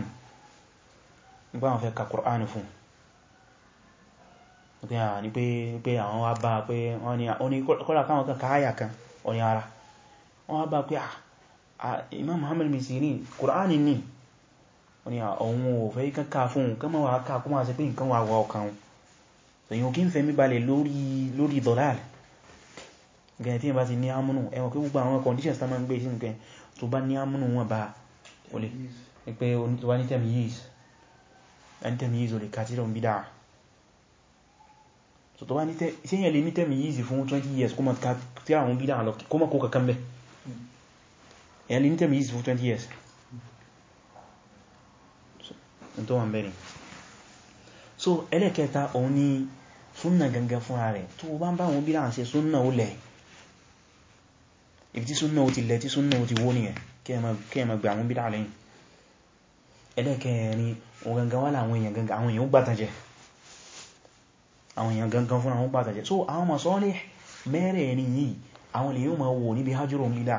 nípa àwọn fẹ́ ka Qur'an fún ah, pé àwọn wá bá pé wọ́n ni kọ́lá káwọn kan káyà kan ọ̀yàn ara wọ́n wá bá pé ah, ah Imam Muhammad ibn Sirin Qur'an ni wọ́n ni àwọn òfẹ́ kankan fún un kán mọ́wàá ká kó máa ṣe pé nǹkan wà wà ọkàn wọn èyàn kí ń fẹ́ mí balẹ̀ lórí dọ̀láàlì gẹ̀ẹ́ tí yẹn bá ti ní ámúnù ẹwọ̀n kí gbogbo àwọn conditions tán máa ń gbé sí nǹkan tó bá ní ámúnù wọn bá olè pé tó bá ní tẹ̀mí yìí olè kàtírọ̀ ń bídá so tó bá ní sẹ́yìn lè ní tẹ̀mí yìí fún 20 years kó mọ̀ kàtírọ̀ ń bídá lọ kó mọ̀ kó kankan bẹ̀ ẹ̀yàn hmm. lè ní tẹ̀mí yìí 20 years tó wà mẹ́rin so ẹlẹ́kẹta òun ni súnnà gangan fúnra rẹ̀ tó bá ń bá wọn bí láàrín ṣe súnnà ó lẹ̀ ibi tí súnnà ó ti lẹ̀ tí súnnà ó ti wó nìyẹn kí ẹ má gbé àwọn bí láàrín ẹlẹ́kẹrin òun gangan wà láwọn èèyàn gangan àwọn èèyàn ó gbàtànjẹ́ so àwọn masọ́lẹ̀ mẹ́rẹ̀ẹ̀rin yìí àwọn lè yíò máa wò níbi hajjúrò mílá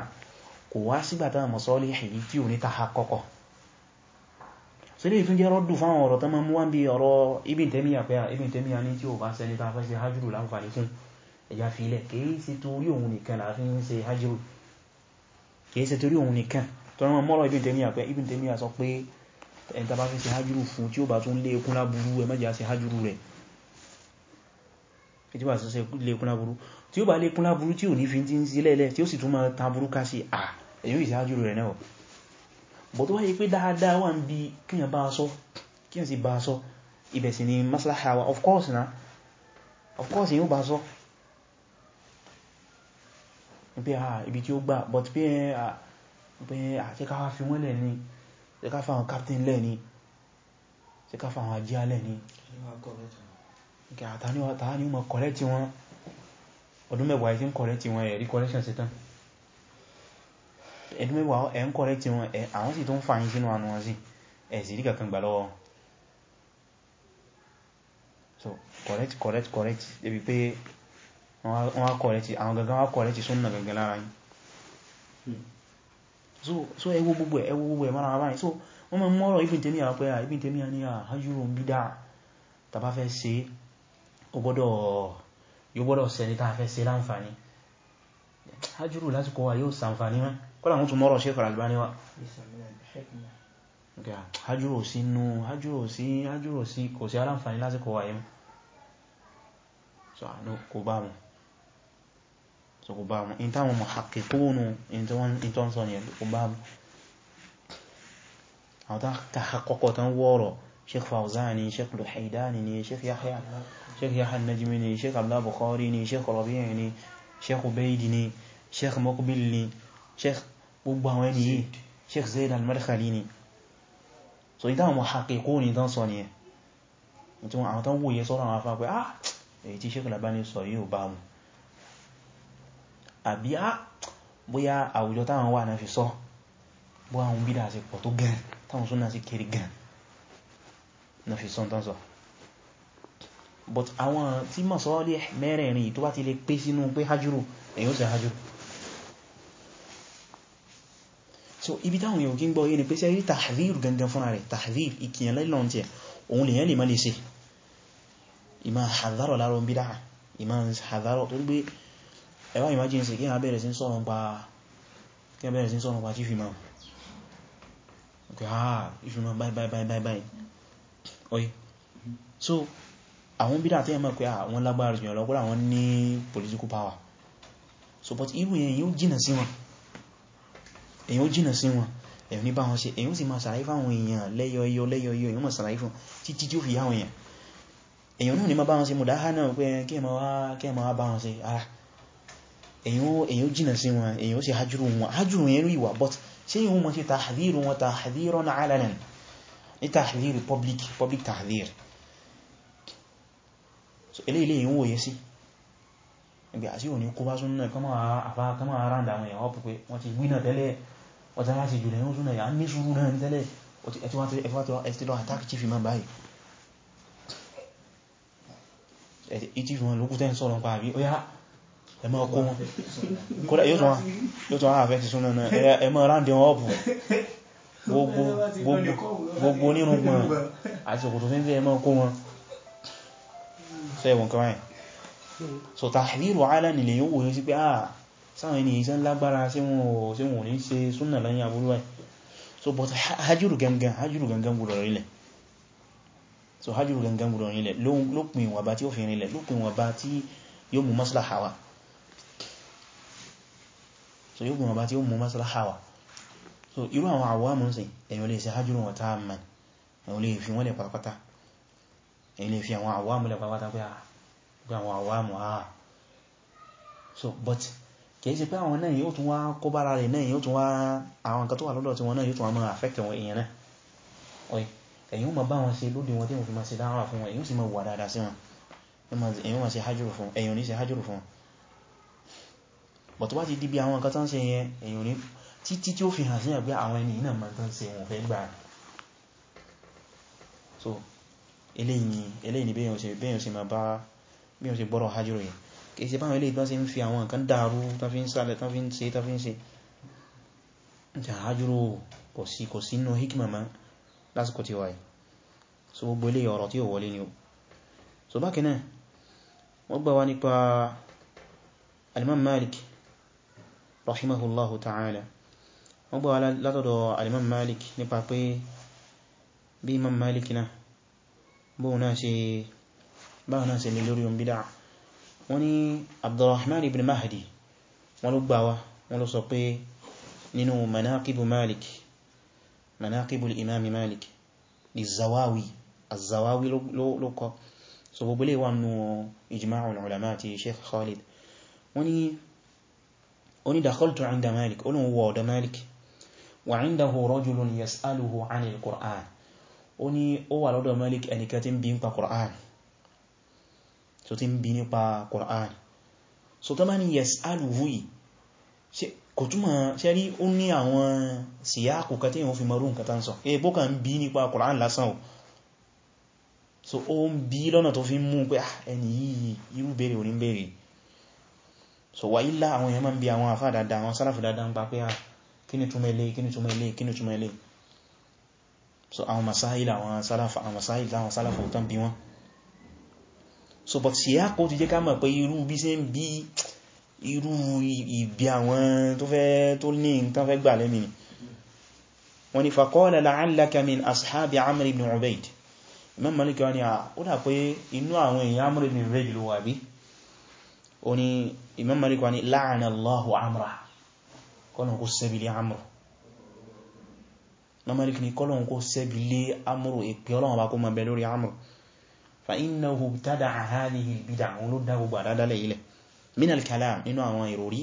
kò wá sígbàtà masọ́lẹ̀ èyí tí ò ní ta kọ́kọ́ so ilé ìtún jẹ́ rọ́dù fáwọn ọ̀rọ̀ tó máa mú wá bí ọ̀rọ̀ Ibn Taymiyyah pé ah, Ibn Taymiyyah ní tí ó bá sẹni tá fẹ́ ṣe hajjúrù láǹfààní fún ẹ̀yà fílẹ̀ kìí ṣe torí òun nìkan láàfin ṣe hajjúrù kìí ṣe torí òun nìkan tó rán mọ́rọ̀ Ibn Taymiyyah pé Ibn Taymiyyah sọ pé ẹni tá bá fẹ́ ṣe hajjúrù fún tí ó bá tún lé ekún láburú ẹ má jẹ́ ṣe hajjúrù rẹ̀ tí ó bá ṣe lé ekún láburú tí ó bá lé ekún láburú tí ò ní fi ti ń sílẹ̀ lẹ̀ tí ó sì tún máa taburú ká ah, bọ̀ tó wáyé pé dáadáa wà ń bí kíyàn bá sọ kíyàn sì bá sọ ibẹ̀ sì ni maslaha wa of course na of course yíò bá sọ pé ah, ibi tí ó gbà but pé àṣẹ́ká ah, ah, wá fi wọ́n lẹ̀ ní ṣẹ́ká fà àwọn captain lẹ̀ ní ṣẹ́ká fà àwọn ni. alẹ̀ ní kí àtàní ó ma correct wọn ọdún mẹ́wàá ìsín correct wọn ẹ̀rí correction sí tán ẹdún mẹ́wàá ẹ̀ ń correct wọn àwọn sì tó ń fàyín sínú àánú sí ẹ̀ rí kankan gbà lọ́wọ́ so correct correct correct débi pé wọ́n wá correct àwọn gangan wá correct súnnà gangan lára yìí so so wo gbogbo ẹ ẹ wo gbogbo ẹ mara wọn báyìí so wọ́n mọ̀ mọ́rọ̀ Ibn Taymiyyah àwọn pé à Ibn Taymiyyah ní àhájúrò ń bí dáa tàbá fẹ́ ṣe ó gbọ́dọ̀ yóò gbọ́dọ̀ lásìkò wà yóò sàǹfààní mẹ́ kọ́lá mú tún mọ́rọ̀ Sheikh Al-Albani wá hajjúrò sí inú hajjúrò sí hajjúrò sí kò sí aláǹfàní lásìkò wáyé mú so àánú kò bá mú so kò bá mú in táwọn mọ̀ hàkì kó nù in tó ń sọ nìyẹn kò bá mú àwọn tá kọ́kọ́ tán wọ́rọ̀ Sheikh Fawzani Sheikh Luhaydani ni Sheikh Yahya ni Sheikh gbogbo àwọn ẹni yìí Sheikh Zaid al-Madkhali ni so ní táwọn haqiqo ní tán sọ ni ẹ tí wọ́n àwọn tán wòye sọ́rọ̀ àwọn afá pé ah èyí tí Sheikh Al-Albani sọ yìí ò bá mu àbí ah bóyá àwùjọ táwọn wà náà fi sọ bóyá àwọn bídà sí pọ̀ tó gan táwọn súnà sí kiri gan náà fi sọ tán sọ but àwọn tí mọ̀ sọ́ọ́lẹ̀ mẹ́rẹ̀ẹ̀rin tó bá ti lè pé sínú pé hajjúrù èyí ó sì hajjúrù so ibi táwọn èèyàn kí gbọ́ yé ni pé sẹ́ rí tahdhir gangan fúnra rẹ̀ tahdhir ìkìyàn lẹ́lọ́n tí ẹ̀ òun lèyàn lè má lè ṣe ìmá hadharo lára omi dáa ìmá hadharo tó gbé ẹwà imagine sí kí a bẹ̀rẹ̀ sí sọ́rọ̀ pa kí a bẹ̀rẹ̀ sí okay ah if imam bye bye bye bye bye oye so àwọn bídá tí ẹmọ̀ pé àwọn ah, lágbára jùlọ lọ́gbọ́n àwọn ní political power so but irú yẹn yóò jìnà sí èyàn ó jìnà sí wọn èyàn ní bá wọn ṣe èyàn sì máa sàlàyé fáwọn èèyàn lẹ́yọ ẹyọ lẹ́yọ ẹyọ èyàn máa sàlàyé fún títí tí ó fi yáwọn èèyàn èyàn náà ní máa bá wọn ṣe mú dáhà náà pé kí ẹ máa wá bá wọn ṣe ara èyàn ó jìnà sí wọn èyàn ó sì hajjúrù wọn hajjúrù yẹn àti òní kó bá súnnà kọmọ̀ àfá kọmọ̀ àrándà àwọn èèyàn ọ̀pọ̀ wọ́n ti wí tẹ́lẹ̀ ọ̀tá láti jùlọ ẹ̀hún súnà yà ní sùúrù náà tẹ́lẹ̀ ẹ̀tíwàtíwà attack chief imam báyìí ìtí wọn lókú tẹ́ ń sọ́rọ̀ ń pa àbí ó yá ẹ máa kó wọn kódà yóò tún wọ́n àfẹ́ ti súnà náà ẹ máa rándì wọn ọ̀pù gbogbo nínú gbọ́n àti òkùtù tí ń fi ẹ máa kó wọn sẹ́wọ̀n kan sáwọn ẹni iṣẹ́ lágbára sí wọn ò ní ṣe súnnà lẹ́yìn aburú ẹ̀ so but hajjúrù gangan hajjúrù gangan gbùrọ̀ rílẹ̀ so hajjúrù gangan gbùrọ̀ rílẹ̀ lópin ìwọ̀n bá tí ó fi rílẹ̀ lópin ìwọ̀n bá tí yóò mú maslaha wá so yóò gbùnwọ̀n bá tí ó mú maslaha wá so irú àwọn àwọ́mù sí èyàn lè ṣe hajjúrù wọn táà mọ̀ èyàn lè fi wọ́n lẹ̀ pàpátá èyàn lè fi àwọn àwọ́mù lẹ̀ pàpátá pé ah, àwọn àwọ́mù ah so but kìí ṣe pé àwọn náà yóò tún wá kó bára rẹ̀ náà yóò tún wá àwọn nǹkan tó wà lọ́dọ̀ tí wọ́n náà yóò tún wá mọ́ affect wọn èèyàn náà ọ̀yí ẹ̀yin ma bá wọn ṣe lóde wọn tí wọ́n fi ma ṣe dáhàrà fún wọn èyí sì ma wà dáadáa sí wọn èyí ma ṣe hajjúrù fún èyí ní ṣe hajjúrù fún bọ̀tọ̀ bá ti di bí àwọn nǹkan tán ṣe yẹn èyí ní títí tí ó fi hàn sí àgbé àwọn ẹni iná ma tán ṣe wọn so eléyìí ni béèyàn ṣe ma bá béèyàn ṣe gbọ́rọ̀ kèsì báwọn ilé ìtàn sí ń fi àwọn nǹkan dàrú tán fi ń sálẹ̀ tán fi ń ṣe tán fi ń ṣe jàájúrò kò sí kò sí inú hikima ma lásìkò tí wáyé so gbogbo ilé ọ̀rọ̀ tí ò wọlé ni o so bákan náà wọ́n gbà wá nípa alimam malik rahimahullahu ta'ala wọ́n gbà wá látọ̀dọ̀ alimam malik nípa pé bí imam malik náà bóò náà ṣe báwọn náà ṣe ní lórí ohun bídáà wọ́n ní abdurrahman ibn mahdi wọ́n ló gbà wá wọ́n ló sọ pé nínú manaqibu malik manaqibu imami malik di zawawi az-zawawi ló kọ so gbogbo lè wà nù ijma'ul ulama ti sheikh khalid wọ́n ní oní dakhaltu 'inda malik olóhun wọ ọ̀dọ̀ malik wa 'indahu rajulun yas'aluhu 'anil qur'an ó ní ó wà lọ́dọ̀ malik ẹnikẹ́ tí ń bi qur'an so ti ń bi nípa Qur'an so tó bá ní yes aluhu yìí kò túnmọ̀ ṣe rí ó ní àwọn síyákù kan tí yíò fi mọ́rún nǹkan tán sọ e bó kàn bí nípa Qur'an lásán o so ó ń bí lọ́nà tó fi mú pé ah, ẹni yìí irú bèèrè ò ah, so àwọn èèyàn àwọn àfá àwọn sálàfù àwọn masáhìlì àwọn bí wọn so but síyàkó ti jẹ́ ká mọ̀ pé irú bí sí ń bí irú ìbí àwọn tó fẹ́ tó ní nǹkan fẹ́ gbà lẹ́mìí wọ́n ní faqala la'allaka min ashabi amr ibn ubaid imam malik wọ́n ní ó dà pé inú àwọn èèyàn amr ibn ubaid ló wà bí ó ní imam malik wọ́n ní la'ana allahu amra fa innahu هذه hadhihi al-bid'a ló dá gbogbo àdádálẹ̀ ilẹ̀ min al-kalam nínú àwọn ìròrí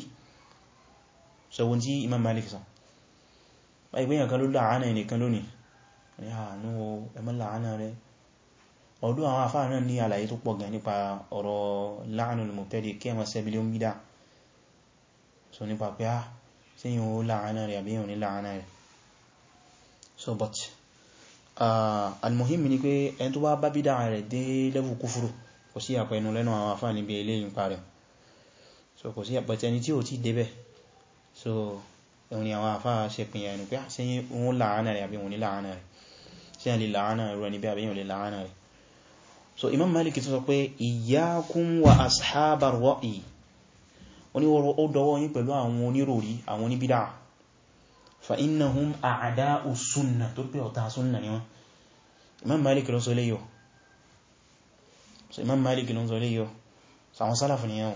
sọwọ́n tí Imam Malik sọ bá ìgbéyàn kan ló láàánà ẹnìkan lónìí ní àánú ẹmọ́ láàánà rẹ ọdún àwọn afá náà ní àlàyé tó pọ̀ gan nípa ọ̀rọ̀ la'nul mubtadi kí ẹmọ sẹ́bí ló ń bídá so nípa pé á sí yíò láàánà rẹ àbíyàn ní láàánà rẹ so but Ah, almuhim ni pé ẹni tó bá bá bídá rẹ̀ dé level kúfúrú kò sí àpẹ ẹnu lẹ́nu àwọn àfáà níbi ilé ìpa rẹ̀ so kò sí àpẹ tẹni tí ò tí débẹ̀ so ẹ̀hùn ni àwọn àfáà ṣe pìnyà ẹnu pé à sí wọn làánà rẹ̀ àbí wọn ní làánà rẹ̀ sí àlè làánà rẹ̀ níbi àbí wọn lè làánà rẹ̀ so imam malik tó sọ pé iyyakum wa ashabar ra'i oníwọ̀rọ̀ ó dọwọ́ yín pẹ̀lú àwọn oníròrí àwọn oníbídà fa innahum a'da'u súnnà tó pé ọ̀tá súnnà ni wọ́n Imam Malik ló sọ léyọ so Imam Malik ló sọ léyọ so àwọn sálàfù ni yẹn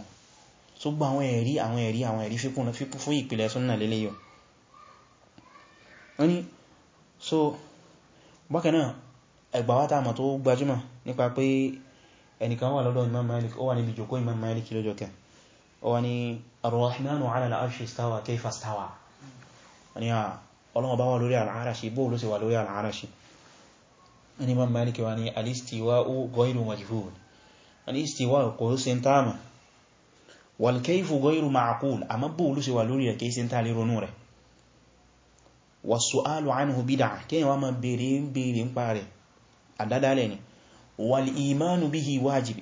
so gbọ́ àwọn ẹ̀rí àwọn ẹ̀rí àwọn ẹ̀rí fíkún lọ fíkún fún ìpìlẹ̀ súnnà léléyọ wọ́n ni so bákanáà ẹgbàwátà àmà tó gbajúmọ̀ nípa pé ẹnìkan wà lọ́dọ̀ Imam Malik ó wà níbi ìjòkó Imam Malik lọ́jọ́ kẹ ó wà ní ar-Rahmanu 'ala al-'arshi ni a ọlọ́wọ́ bá wà lórí al'arashi bó ló sì wà lórí al'arashi ni ma maliki wa ni alistiwa'u ghayru majhul alistiwa'u kò ló sin tama wal kayfu ghayru ma'qul àmọ́ bó ló sì wà lórí rẹ̀ kìí sin tàà lè ronú rẹ̀ was-su'alu anhu bid'ah kíyàn wá ma bèèrè ń bèèrè ń pa rẹ̀ àdádálẹ̀ ni wal imanu bihi wajib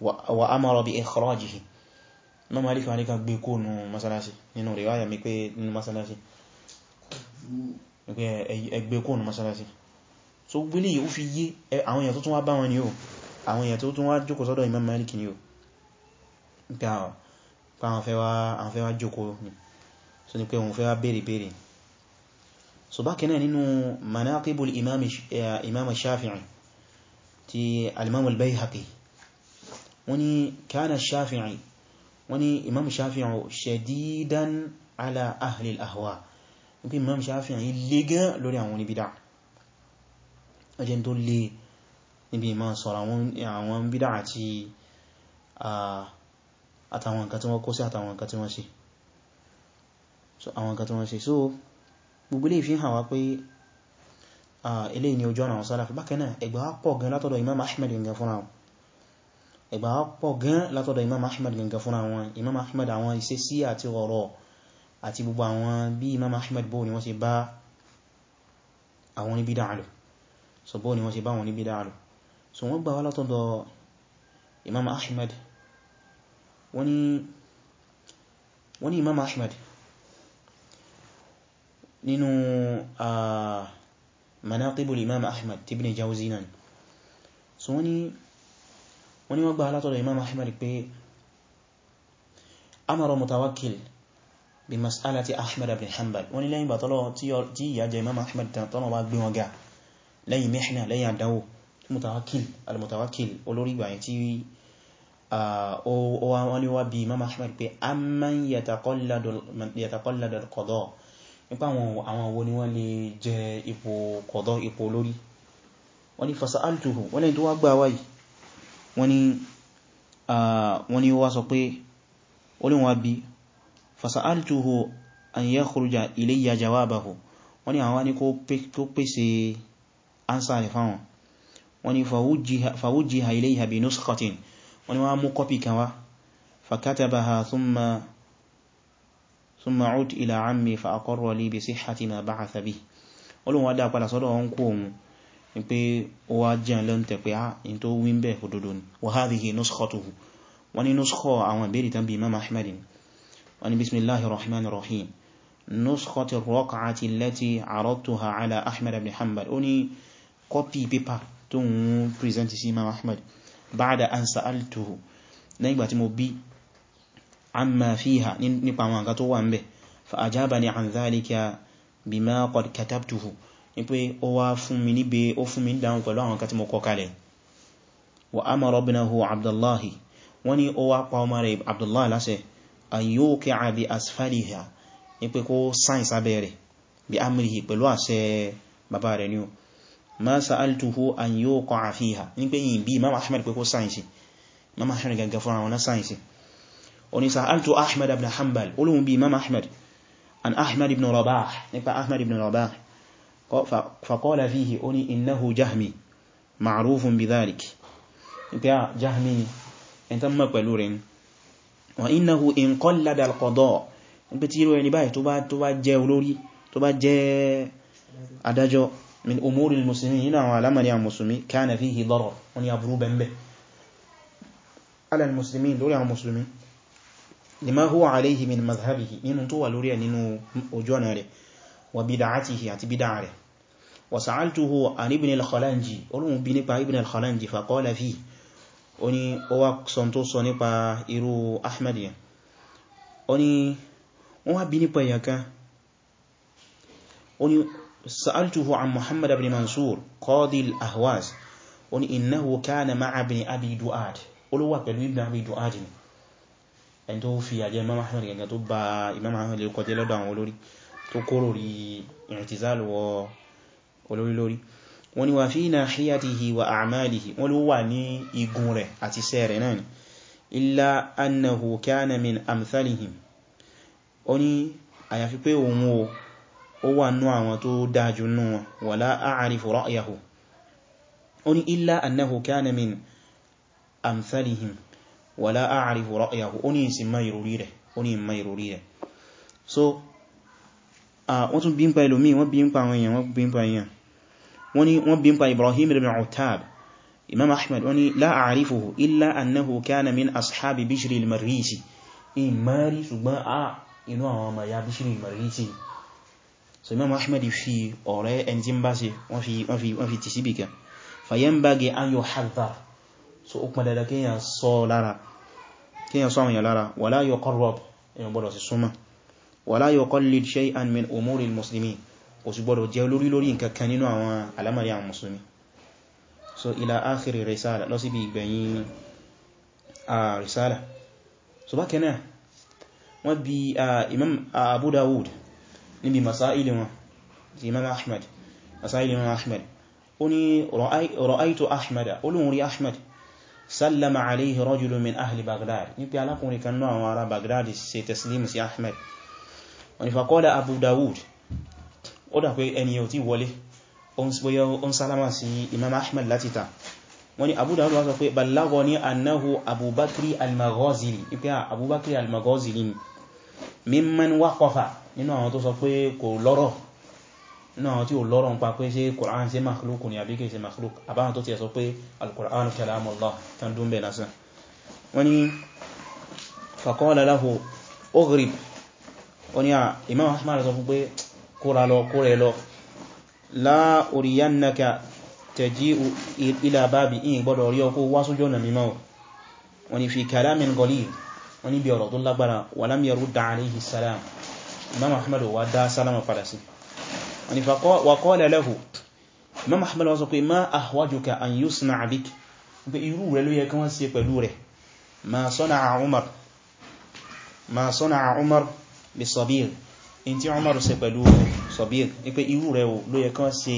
wa amara bi ikhrajihi náà ma lífà ní kan gbé kó nù masalasi nínú riwaya mi pé nínú masalasi ẹgbẹ́ kó nù masalasi so gbílé yíó fi yé àwọn èèyàn tó tún wá bá wọn ni o àwọn èèyàn tó tún wá jókòó sọ́dọ̀ Imam Malik ni o pẹ́ àwọn fẹ́ wá jókòó ni so ni pé òun fẹ́ wá bèèrè bèèrè so bákanáà nínú manaqibul imam eh, Shafi'i ti al-Imam al-Bayhaqi wọ́n ni kana shafi'i wọ́n ni imam shafi'i shadidan ala ahli al-ahwa wípé imam shafi'i le gan lórí àwọn oníbídá ọjẹ́ tó le níbi ma sọ̀rọ̀ àwọn bídá àti àtàwọn nǹkan tí wọ́n kó sí àtàwọn nǹkan tí wọ́n ṣe so àwọn nǹkan tí wọ́n ṣe so gbogbo ilé ìfihàn hàn wá pé ilé ni ojú ọ̀nà àwọn sálàfí bákan náà ẹgbàá pọ̀ gan látọ̀dọ̀ imam ahmed gan fúnra wọn ẹgbà pọ̀ gan látọ̀dọ̀ imam ahmad gangan fúnra wọn imam ahmad àwọn iṣẹ́ sí àti ọ̀rọ̀ àti gbogbo àwọn bí imam ahmad bóò ni wọ́n ṣe bá àwọn níbi dáàlù so bóò ni wọ́n ṣe bá àwọn níbi dáàlù so wọ́n gbà wá látọ̀dọ̀ imam ahmad wọ́n ni imam ahmad nínú manaqibul imam ahmad tibni jawzinan so wọ́n ni wọ́n ní wọ́n gba alátọ̀dọ̀ imam ahmad pé amara mutawakkil bí mas'alati ahmad ibn hanbal wọ́n ní lẹ́yìn ìgbà tọ́lọ tí ìyà jẹ imam ahmad tọ́nà wá gbé wọn ga lẹ́yìn mihna lẹ́yìn àdánwò mutawakkil al-mutawakkil olórí ìgbà yẹn tí wọ́n ní wá bí imam ahmad pé amman yataqalladu ni wọ́n lè wọ́n ní tó wá gbà wáyìí wọ́n ni wá sọ pé olíwọ́n bí fasa'altuhu an yakhruja ilayya jawabahu wọ́n ni àwọn ní kó pèsè ánsà rẹ̀ fáwọn wọ́n ni fawujjiha ilayha bi nuskhatin wọ́n ni wọ́n mú kọ́pì kan wá fakatabaha thumma thumma ud ma ba'atha bihi olóhun wá dá padà sọ́dọ̀ wọn kó ní pé ó wá jẹ́ lọ́ntẹ̀ pé á ah, in tó wí bẹ̀ òdodo ni wa hadhihi nuskhatuhu wọ́n ni nuskha àwọn ìbéèrè tán bí imam ahmed ni wọ́n ni bismillahi rahman rahim nuskhati raq'ati allati aradtuha ala ahmed ibn hanbal ó ní kọ́pì pépà tó ń present sí imam ahmed ba'da an sa'altuhu lẹ́yìn ìgbà tí mo bí amma fiha nípa àwọn nǹkan tó wà ń bẹ̀ fa ajabani an dhalika bima qad katabtuhu ní pé ó wá fún mi níbe ó fún mi dáhùn pẹ̀lú àwọn kan tí mo kọ kalẹ̀ wa amara ibnahu abdullahi wọ́n ní ó wá pa ọmọ rẹ̀ abdullahi láṣẹ an yuqi'a asfaliha ní pé kó sáìn sábẹ́ bi amrihi pẹ̀lú àṣẹ bàbá rẹ̀ ni ó ma sa'altuhu an yuqi'a fiha ní pé yìí bí imam ahmed pé kó sáìn sí imam ahmed gangan fúnra wọn sáìn sí oni sa'altu ahmed ibn hanbal olóhun bí imam ahmed an ahmed ibn rabah nípa ahmed ibn rabah faqala fihi ó ní innahu jahmi ma'rufun bidhalik ipe a jahmi ni ẹn tán mọ̀ pẹ̀lú rẹ̀ ni wa innahu in qallada al-qada ipe tí irú ẹni báyìí tó bá jẹ́ olórí tó bá jẹ́ adájọ́ min umuri al-muslimin yana wa alamari a musulmi kana fihi darar wani aburú bẹ̀m̀bẹ̀ ala al lórí àwọn musulmi وبدعته àti bídá rẹ̀ وسألته عن ابن الخلنجي olóhun bí nípa ibn al-khalanji فقال فيه ó ní ó wá sọ tó sọ nípa irú ahmed yẹn ó ní wọ́n wá bí nípa èyàn kan ó ní sa'altuhu an muhammad ibn mansur qadi al-ahwaz ó ní innahu kana ma'a ibn abi du'ad olówà pẹ̀lú ibn abi du'ad ni ẹni tó fi àjẹ́ imam ahmed gẹ̀gẹ̀ ba imam ahmed lè kọjẹ́ lọ́dọ̀ àwọn olórí tó kóró rí ìrìntìzálù wọ olórí lórí wọ́n ni wà fi nahiyatihi wa a'malihi wọ́n ló wà ní igun rẹ̀ àti iṣẹ́ rẹ̀ náà ni illa annahu kana min amthalihim ó ní àyàfi pé òun o ó wà nú àwọn tó dájú so Ah, wọ́n tún bí ń pa ẹlòmí wọ́n bí ń pa àwọn èèyàn wọ́n bí ń pa èèyàn wọ́n ni wọ́n bí ń pa Ibrahim ibn Uttab Imam Ahmad wọ́n ni la a'rifuhu illa annahu kana min ashabi Bishr al-Marrisi in mari ṣùgbọ́n a inú àwọn ọmọ ya Bishr al-Marrisi so Imam Ahmad fi ọ̀rẹ́ ẹni bá ṣe wọ́n fi tì síbìkà fayanbaghi an yuhadhdhar so ó pọn dada kéèyàn sọ lára wala yuqarrab èèyàn gbọ́dọ̀ sí súnmọ́ wala yuqallid shay'an min umuri al-muslimin kò sì gbọ́dọ̀ jẹ́ olórí lórí nǹkan kan nínú àwọn alamari àwọn musulmi so ila akhiri risala lọ sí bí ìgbẹ̀yìn a risala so bákan náà wọ́n bi imam abu dawud níbi masáìlì wọn ti imam ahmad masáìlì imam ahmad ó ní ra'aitu ahmada olóhun rí ahmad sallama alaihi rajulun min ahli baghdad ní pé alákùnrin kan náà àwọn ará baghdad ṣe taslimu sí ahmad wọ́n ni fàkọ́lá Abu Dawud ó dà pé ẹni yóò tí wọlé oun sálámà sí Imam Ahmad láti ta wọ́n ni Abu Dawud wá sọ pé balagọ́ ní annahu Abubakri al-Maghazili ipé Abubakri al-Maghazili ni mimman waqafa nínú àwọn tó sọ pé kò lọ́rọ̀ nínú àwọn tí ò lọ́rọ̀ ń pa pé ṣe Qur'an ṣe makhluk ni àbí kìí ṣe makhluk àbáwọn tó ti sọ pé al-Qur'an kalamullah tán dúnbẹ̀ lásán wọ́n ni faqala lahu oghrib ó ní à Imam Ahmad sọ fún pé kóra lọ kóra lọ la uriyannaka taji'u ila babi in gbọ́dọ̀ rí ọkó wá sójú ọ̀nà mímọ́ wọ́n ní fi kalamin ghalid wọ́n ní bí ọ̀rọ̀ tó lágbára walam yarudda alayhi salam Imam Ahmad wá dá sálámà padà sí wọ́n ní wa qala lahu Imam Ahmad wá sọ pé ma ahwajuka an yusna'a bik pé irú rẹ̀ ló Umar bí sọ̀bíl in tí Umar ṣe pẹ̀lú sọ̀bíl ní pé irú rẹ̀ ló yẹ kán ṣe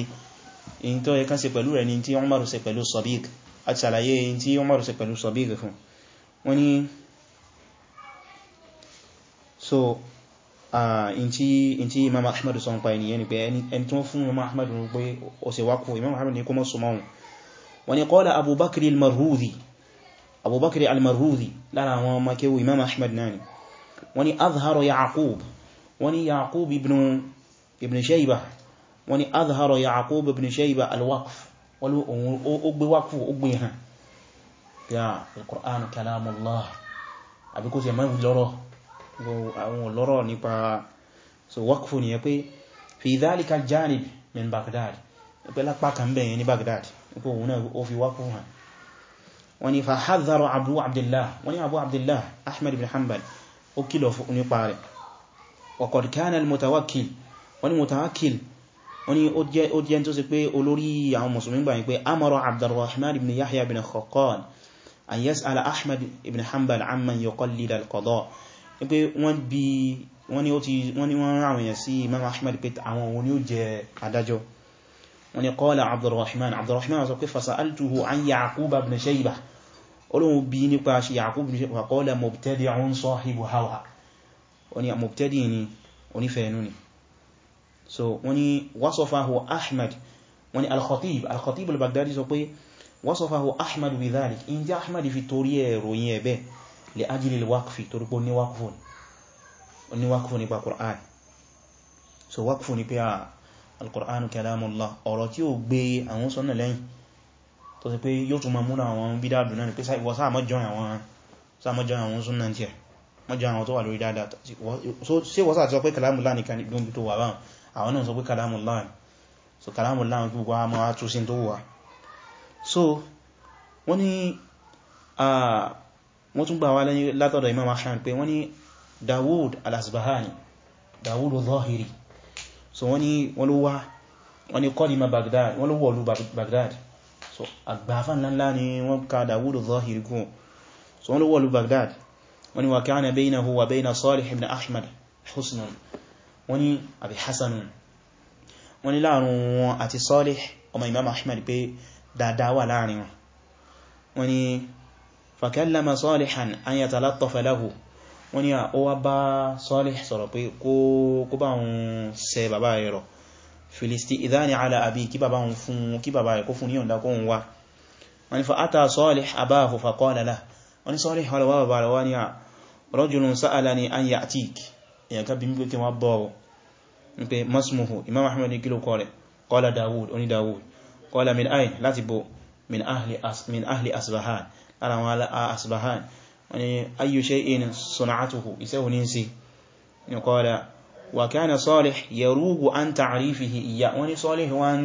in tó yẹ kán ṣe pẹ̀lú rẹ̀ ní tí Umar ṣe pẹ̀lú sọ̀bíl àti ṣàlàyé in tí Umar ṣe pẹ̀lú sọ̀bíl fún wọ́n ni so in tí Imam Ahmad sọ ń pa ènìyàn ni pé ẹni tó fún Imam Ahmad ní pé ó ṣe wákò Imam Ahmad ní kó mọ́ sọmọ́ wọ́n ni qala Abu Bakr al-Marrudhi wọ́n ni azharo yaqub wọ́n ni yaqub ibn shayba wọ́n ni azharo yaqub ibn shayba alwaqf wọ́n ó gbé wákù ó ya al-Qur'an kalamullah àbí kó ṣe mẹ́rin lọ́rọ̀ àwọn lọ́rọ̀ nípa so wákù ni ya fi dhalika janib min baghdad pẹ́ lápá kan bẹ̀yẹn ní baghdad nípa òun náà ó fi wákù hàn wọ́n fa hadhara abu abdillah wọ́n abu abdillah ahmad ibn hanbal ó kìlọ̀ fún nípa rẹ̀ waqad kana al-mutawakkil wọ́n ni mutawakkil wọ́n ni ó jẹ́ tó sì pé olórí àwọn musulmi gbà yí pé amara abdurrahman ibn yahya ibn khaqan an yas'ala ahmad ibn hanbal amman yuqallid al-qada pé wọ́n bí wọ́n ni wọ́n rán àwọn sí imam ahmad pé àwọn òun ni ó jẹ adájọ́ wọ́n ni qala abdurrahman abdurrahman sọ olóhun bí nípa ṣe Yaqub ní ṣekọ̀ọ́lẹ̀ mubtadi'un sahibu hawa wani mubtadi ni onífẹ̀ẹ́nú ni so wani wasafahu Ahmad wani al-Khatib al-Khatib al-Baghdadi sọ pé wasafahu Ahmad bi dhalik in ji Ahmad fi torí ẹ̀ròyìn ẹ̀bẹ̀ li so waqfu ní pé ah, al-Qur'anu kalamullah ọ̀rọ̀ tí ó tó sì pé yóò tún ma múra àwọn bídádù náà ni pé ìwọ sáà mọ́jọ́ àwọn súnnà tí ẹ̀ mọ́jọ́ àwọn tó wà lórí dáadáa sí wọ́n sáà ti sọ pé kalamullah ní kanìgbóhun tó wà ráun àwọn náà sọ pé kalamullah so kalamullah ní gbogbo àmọ́ àtúnṣe tó wà so wọ́n ni wọ́n tún gbà wá látọ̀dọ̀ Imam Ahmad pé wọ́n ni Dawud al-Asbahani Dawud al-Zahiri so wọ́n ni wọ́n ló wá wọ́n ni kọ́ ni ma Baghdad wọ́n ló wọ́ọ̀lú Baghdad so àgbàfà ńlá ni wọ́n ká Dawud Zahiri kún so wọ́n ló wọ́lu Baghdad wọ́n ni wa kana baynahu wa bayna Salih ibn Ahmad husnun wọ́n ni àbí hasanun wọ́n ni láàrin wọn àti Salih ọmọ Imam Ahmad pé dáadáa wà láàrin wọn wọ́n fakallama Salihan an yatalattafa lahu wọ́n ni ó wá Salih sọ̀rọ̀ pé kó bá ń ṣe bàbá rẹ̀ rọ̀ filisti idani ala abi kí bàbá wọn fún kí bàbá rẹ̀ kó fún ní ọ̀dá kóhun wá wọ́n ni fa'ata Salih abahu faqala la wọ́n ni Salih walawa bàbá rẹ̀ wá ní à ah, rajulun sa'alani an ya'tik èyàn ká bí mú kí wọ́n bọ̀rọ̀ ní pé masmuhu imam ahmed ní kílò kọ́ rẹ̀ dawud oní dawud qala min ayin láti bo min ahli asbahan ara wọn asbahan wọ́n ni ayyu shay'in sun'atuhu iṣẹ́ wọn ní ni qala wa kana Salih yaruhu an ta'rifihi iya wọ́n ni Salih wọ́n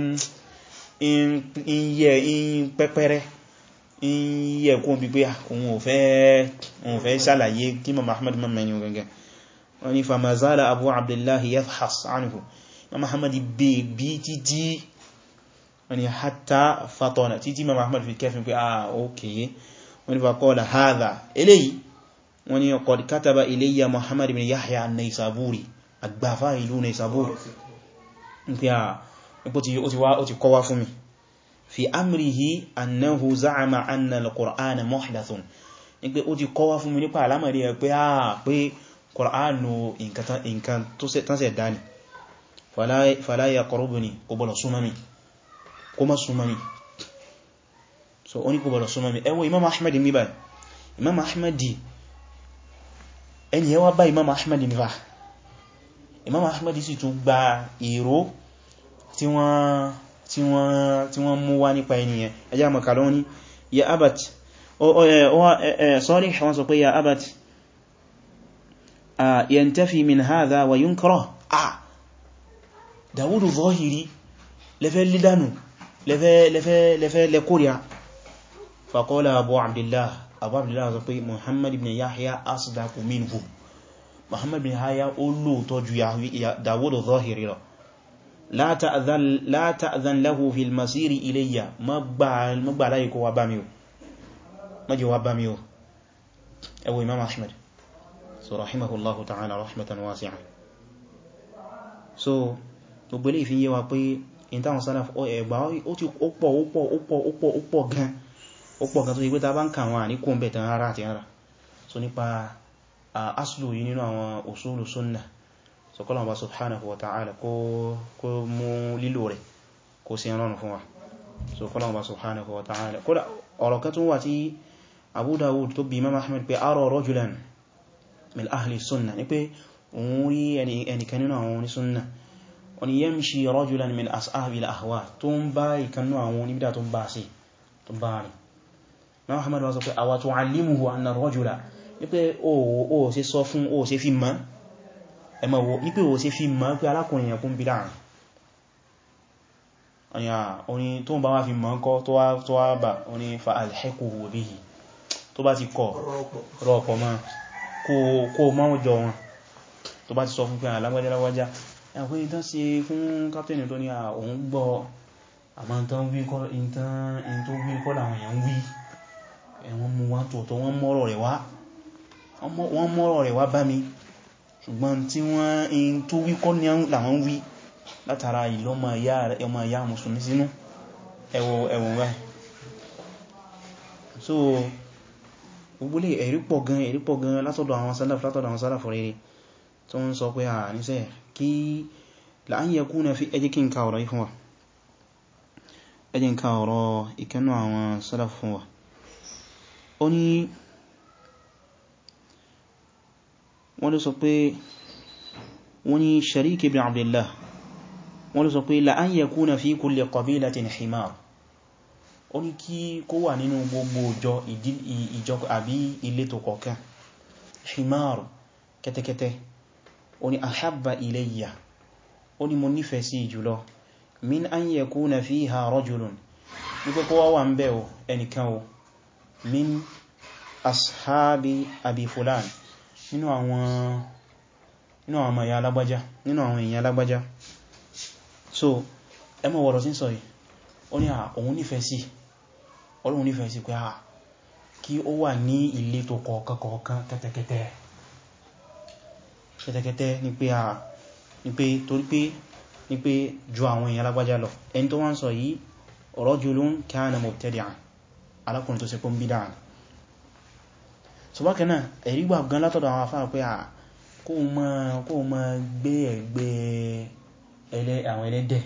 in yẹ in pẹ́pẹ́rẹ́ in yẹ kó bí pé ah, òun ò fẹ́ sálàyé kí mọ̀ Ahmad mọ̀ ẹni gẹ́gẹ́ wọ́n ni famazala Abu Abdillah yafhas anhu Muhammad bí títí wọ́n ni hatta fatona títí mọ̀ Ahmad fi kẹfin pé ah ok wọ́n ni faqala hadha eléyìí wọ́n ni qad kataba ilayya Muhammad ibn Yahya an-Naysaburi àgbàfà ìlú ní ìsàbò pé à ó ti kọwa fún mi fi amrihi annahu za'ama anna al-qur'ana muhdathun ní pé ó ti kọwa fún mi nípa alamari ẹ pé àà pé qur'anu nǹkan tán sẹ̀ dání fala yaqrubuni kò bọ̀lọ̀ súnmọ́mí kò má súnmọ́mí so ó ní kò bọ̀lọ̀ súnmọ́mí ẹwọ imam ahmed mi báyìí imam ahmed ẹni yẹwa bá imam ahmed mi báyìí Imam Ahmad sì tún gba ìró tí wọ́n mú wá nípa ènìyàn ẹjá mọ̀kàlọ́ ní ya abat Salih wọ́n sọ pé ya abat yantafi min hadha wa yunkarah a Dawudu Zahiri lẹ́fẹ́ lídánù lẹ́fẹ́ lẹ́kóríà faqala Abu Abdillah Abu Abdillah sọ pé Muhammad ibn Yahya asdaqu minhu Muhammad bin Haya ó lóòtọ́ ju Dawudu Zahiri lọ la ta'dhan lahu fil masiri ilayya má gbà láyé kó wá bá mi o má jẹ́ wá mi o ẹ Imam Ahmad so rahimahullahu ta'ala rahmatan wasi'a so gbogbo ilé ìfin yé wa pé in táwọn salaf ẹgbà ó ti ó pọ̀ ó pọ̀ pọ̀ gan ó pọ̀ gan tó yí pé ta bá ń kà à ní kó tán rárá àti rárá so nípa aslu yìí nínú àwọn usulu sunnah so kọ́lọ̀wọ́ subhanahu wa ta'ala kó mú lílò rẹ̀ kó sí rọrùn fún wa so kọ́lọ̀wọ́ subhanahu wa ta'ala kódà ọ̀rọ̀ kan tún wà tí Abu Dawud tó bi Imam Ahmad pé ara rajulan min ahli sunnah ní pé òun rí ẹnìkan nínú àwọn oní sunnah wọ́n yamshi rajulan min ashabil ahwa tó ń bá ìkanú àwọn oníbídà tó ń bá sí tó bá rìn náà Ahmad wá sọ pé àwà tu'allimuhu anna rajula wípé o ṣe sọ fún o ṣe fi mọ́ ẹmọ̀ wo wípé o ṣe fi mọ́ pé alákùnrin yẹn kún bí láàrin àyà oní tó ń bá wá fi mọ́ kọ́ tó wá bà oní fa alhẹ́kùhù bihi tó bá ti kọ̀ rọ̀pọ̀ mọ́ kó mọ́ jọ wọn tó bá ti sọ fún pé alágbájá lágbájá ẹ̀kùn ìtàn sí fún káptẹ̀nì tó ní àwọn gbọ́ àmá ìtàn tó wọ́n mọ́rọ̀ rẹ̀ wá wọ́n mọ́rọ̀ rẹ̀ wá bá mi ṣùgbọ́n tí wọ́n in tó wí kọ́ ní àwọn wí látara ìlú ọmọ ìyá mùsùlùmí sínú ẹwọ̀ ẹwọ̀ wẹ́ so gbogbo lè ẹ̀rí pọ̀ gan ẹ̀rí pọ̀ gan látọ̀dọ̀ àwọn sálàf látọ̀dọ̀ àwọn sálàf rere tó ń sọ pé à níṣẹ́ kí láàáyí ẹkú na fi ẹjẹ́ kí n ka ọ̀rọ̀ ìfún wa ẹjẹ́ n ka ọ̀rọ̀ ìkẹ́nu àwọn sálàf fún wa ó ní wọ́n ló sọ pé wọ́n ní sharik ibn abdullah wọ́n ló sọ pé la an yakuna fi kulli qabilatin himar ó ní kí kó wà nínú gbogbo ìjọ ìjọ àbí ìletò kọ̀ọ̀kan himar kẹ́tẹ́kẹ́tẹ́ ó ní ahabba ilayya ó ní mo nífẹ̀ẹ́ sí jùlọ min an yakuna fiha rajulun ní pé kó wà ń bẹ̀ ẹnìkan o min ashabi abi fulan nínú àwọn ọmọ ìyá alágbájá nínú àwọn èèyàn alágbájá so ẹ mọ̀ wọ̀rọ̀ sí sọ yìí ó ní àwọn nífẹ̀ẹ́ sí ọlọ́run nífẹ̀ẹ́ sí pé à kí ó wà ní ìletò kọ̀ọ̀kan kọ̀ọ̀kan kẹ́tẹ́kẹ́tẹ́ kẹ́tẹ́kẹ́tẹ́ ni pé à ni pé torí pé ni pé ju àwọn èèyàn alágbájá lọ ẹni tó wá ń sọ yìí rajulun kana mubtadi'an ń bídà so bákan náà ẹ̀rí gbà gan látọ̀dọ̀ àwọn afá pé kó o mọ́ gbé ẹgbẹ́ àwọn ẹlẹ́dẹ̀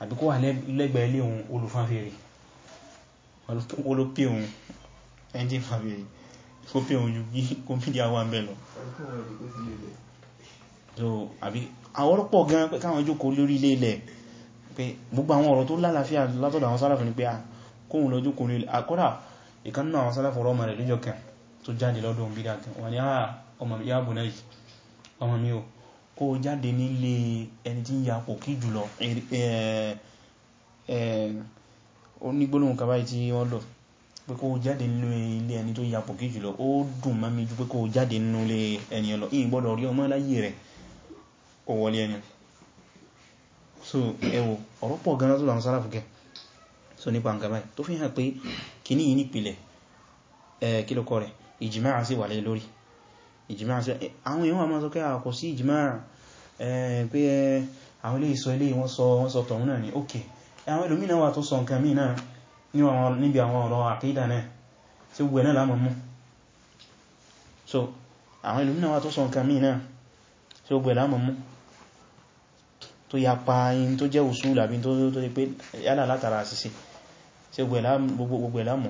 àbí kó wà lẹ́gbẹ̀ẹ́ ilé òun olùfáfèrè olópé òun ẹni tí fàfèrè kó pé òun yìí kó mídí àwọn àmì lọ so gan pé káwọn jókòó lórí ilé ilẹ̀ pé gbogbo àwọn ọ̀rọ̀ tó lálàáfíà látọ̀dọ̀ àwọn sálàfin pé kóhun lọ jókòó lórí akọ́dà ìkan náà sálàfù ọmọ rẹ̀ lójọ kan tó jáde lọ́dún bí dákan wọ́n ni ah, ọmọ ya bù náà ọmọ mi o kó jáde nílé ẹni tí ń ya kò kí jùlọ onígbónúhùn kàbáyì tí wọ́n lọ pé kó jáde nílé ilé ẹni tó ya kò kí jùlọ ó dùn mọ́ ju pé kó jáde nílé ẹni ọlọ ìyìn gbọ́dọ̀ rí ọmọ láyé rẹ̀ ó wọlé ẹni so ẹwọ ọ̀rọ̀ pọ̀ gan-an tó làwọn sálàfù kẹ so nípa nǹkan báyìí tó fi hàn pé Kini kìíní yìí nípìlẹ̀ kílòkọ́ rẹ̀ ìjìmáà sí wà lé lórí ìjìmáà sí àwọn èèyàn wà máa sọ kẹ́ àkọ́ sí ìjìmáà pé àwọn ilé ìsọ ilé wọ́n sọ wọ́n sọ tọ̀hún náà ni ókè àwọn ẹlòmínà wà tó sọ nǹkan mí náà níbi àwọn ọ̀rọ̀ àkídà náà tí gbogbo náà lámọ̀ mú so àwọn ẹlòmínà wà tó sọ nǹkan mí náà tí gbogbo lámọ̀ mú tó yapa in tó jẹ́ usul àbí tó tó pé yálà látara àṣìṣe ṣe gbogbo ẹ̀lámù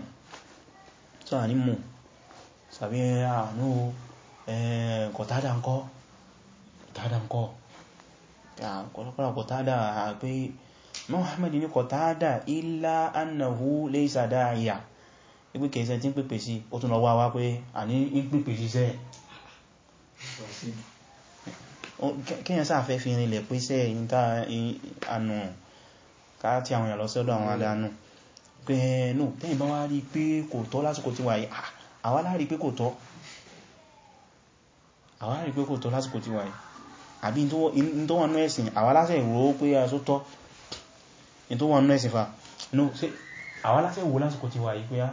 tó à ní mù sàbí àánú kọ̀tádà ń kọ́ kọ̀tádà ń kọ́ kọ̀lọ́pàá kọ̀tádà pé Muhammad ní kọ̀tádà illa annahu laysa da'iya ipé kẹsẹ̀ tí ń pèpè sí ó tún lọ wá wá pé à ní ń pèpè sí sẹ́ kíyàn sáà fẹ́ fi rinlẹ̀ pèsẹ̀ ìta ànù káà tí àwọn ìyàlọ́sọ́dọ̀ àwọn adánù pé ẹnu tẹ́yìn bá wá rí pé kò tọ́ lásìkò tí wà yìí àwa la rí pé kò tọ́ àwa la rí pé kò tọ́ lásìkò tí wà yìí àbí in tó wà nú ẹ̀sìn àwa lásẹ̀ ìwò pé a só tọ́ in tó ẹ̀sìn fa no ṣe àwa lásẹ̀ ìwò lásìkò tí wà yìí pé a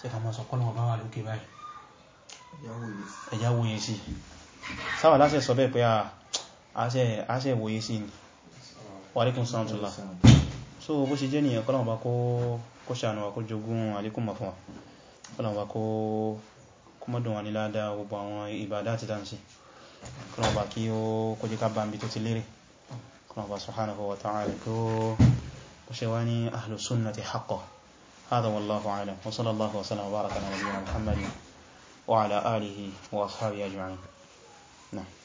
ṣe ká mọ́ sọ kọ́lọ̀ bá wà lókè báyìí ẹ̀yà wòye sí sáwà lásẹ̀ sọ bẹ́ẹ̀ pé a ṣe wòye sí so bó ṣe jẹ́ nìyàn kọ́lọ̀wọ́ bá kó ṣàánú wa kó jogún alékùnmọ̀ fún wa kọ́lọ̀wọ́ bá kó mọ́dún wa ní ládá gbogbo àwọn ìbádá ti dáǹsí kọ́lọ̀wọ́ bá kí ó kó ká bá ń bí tó ti lérè kọ́lọ̀wọ́ bá هذا والله أعلم وصلى الله وسلم وبارك على نبينا محمد وعلى آله وأصحابه أجمعين نعم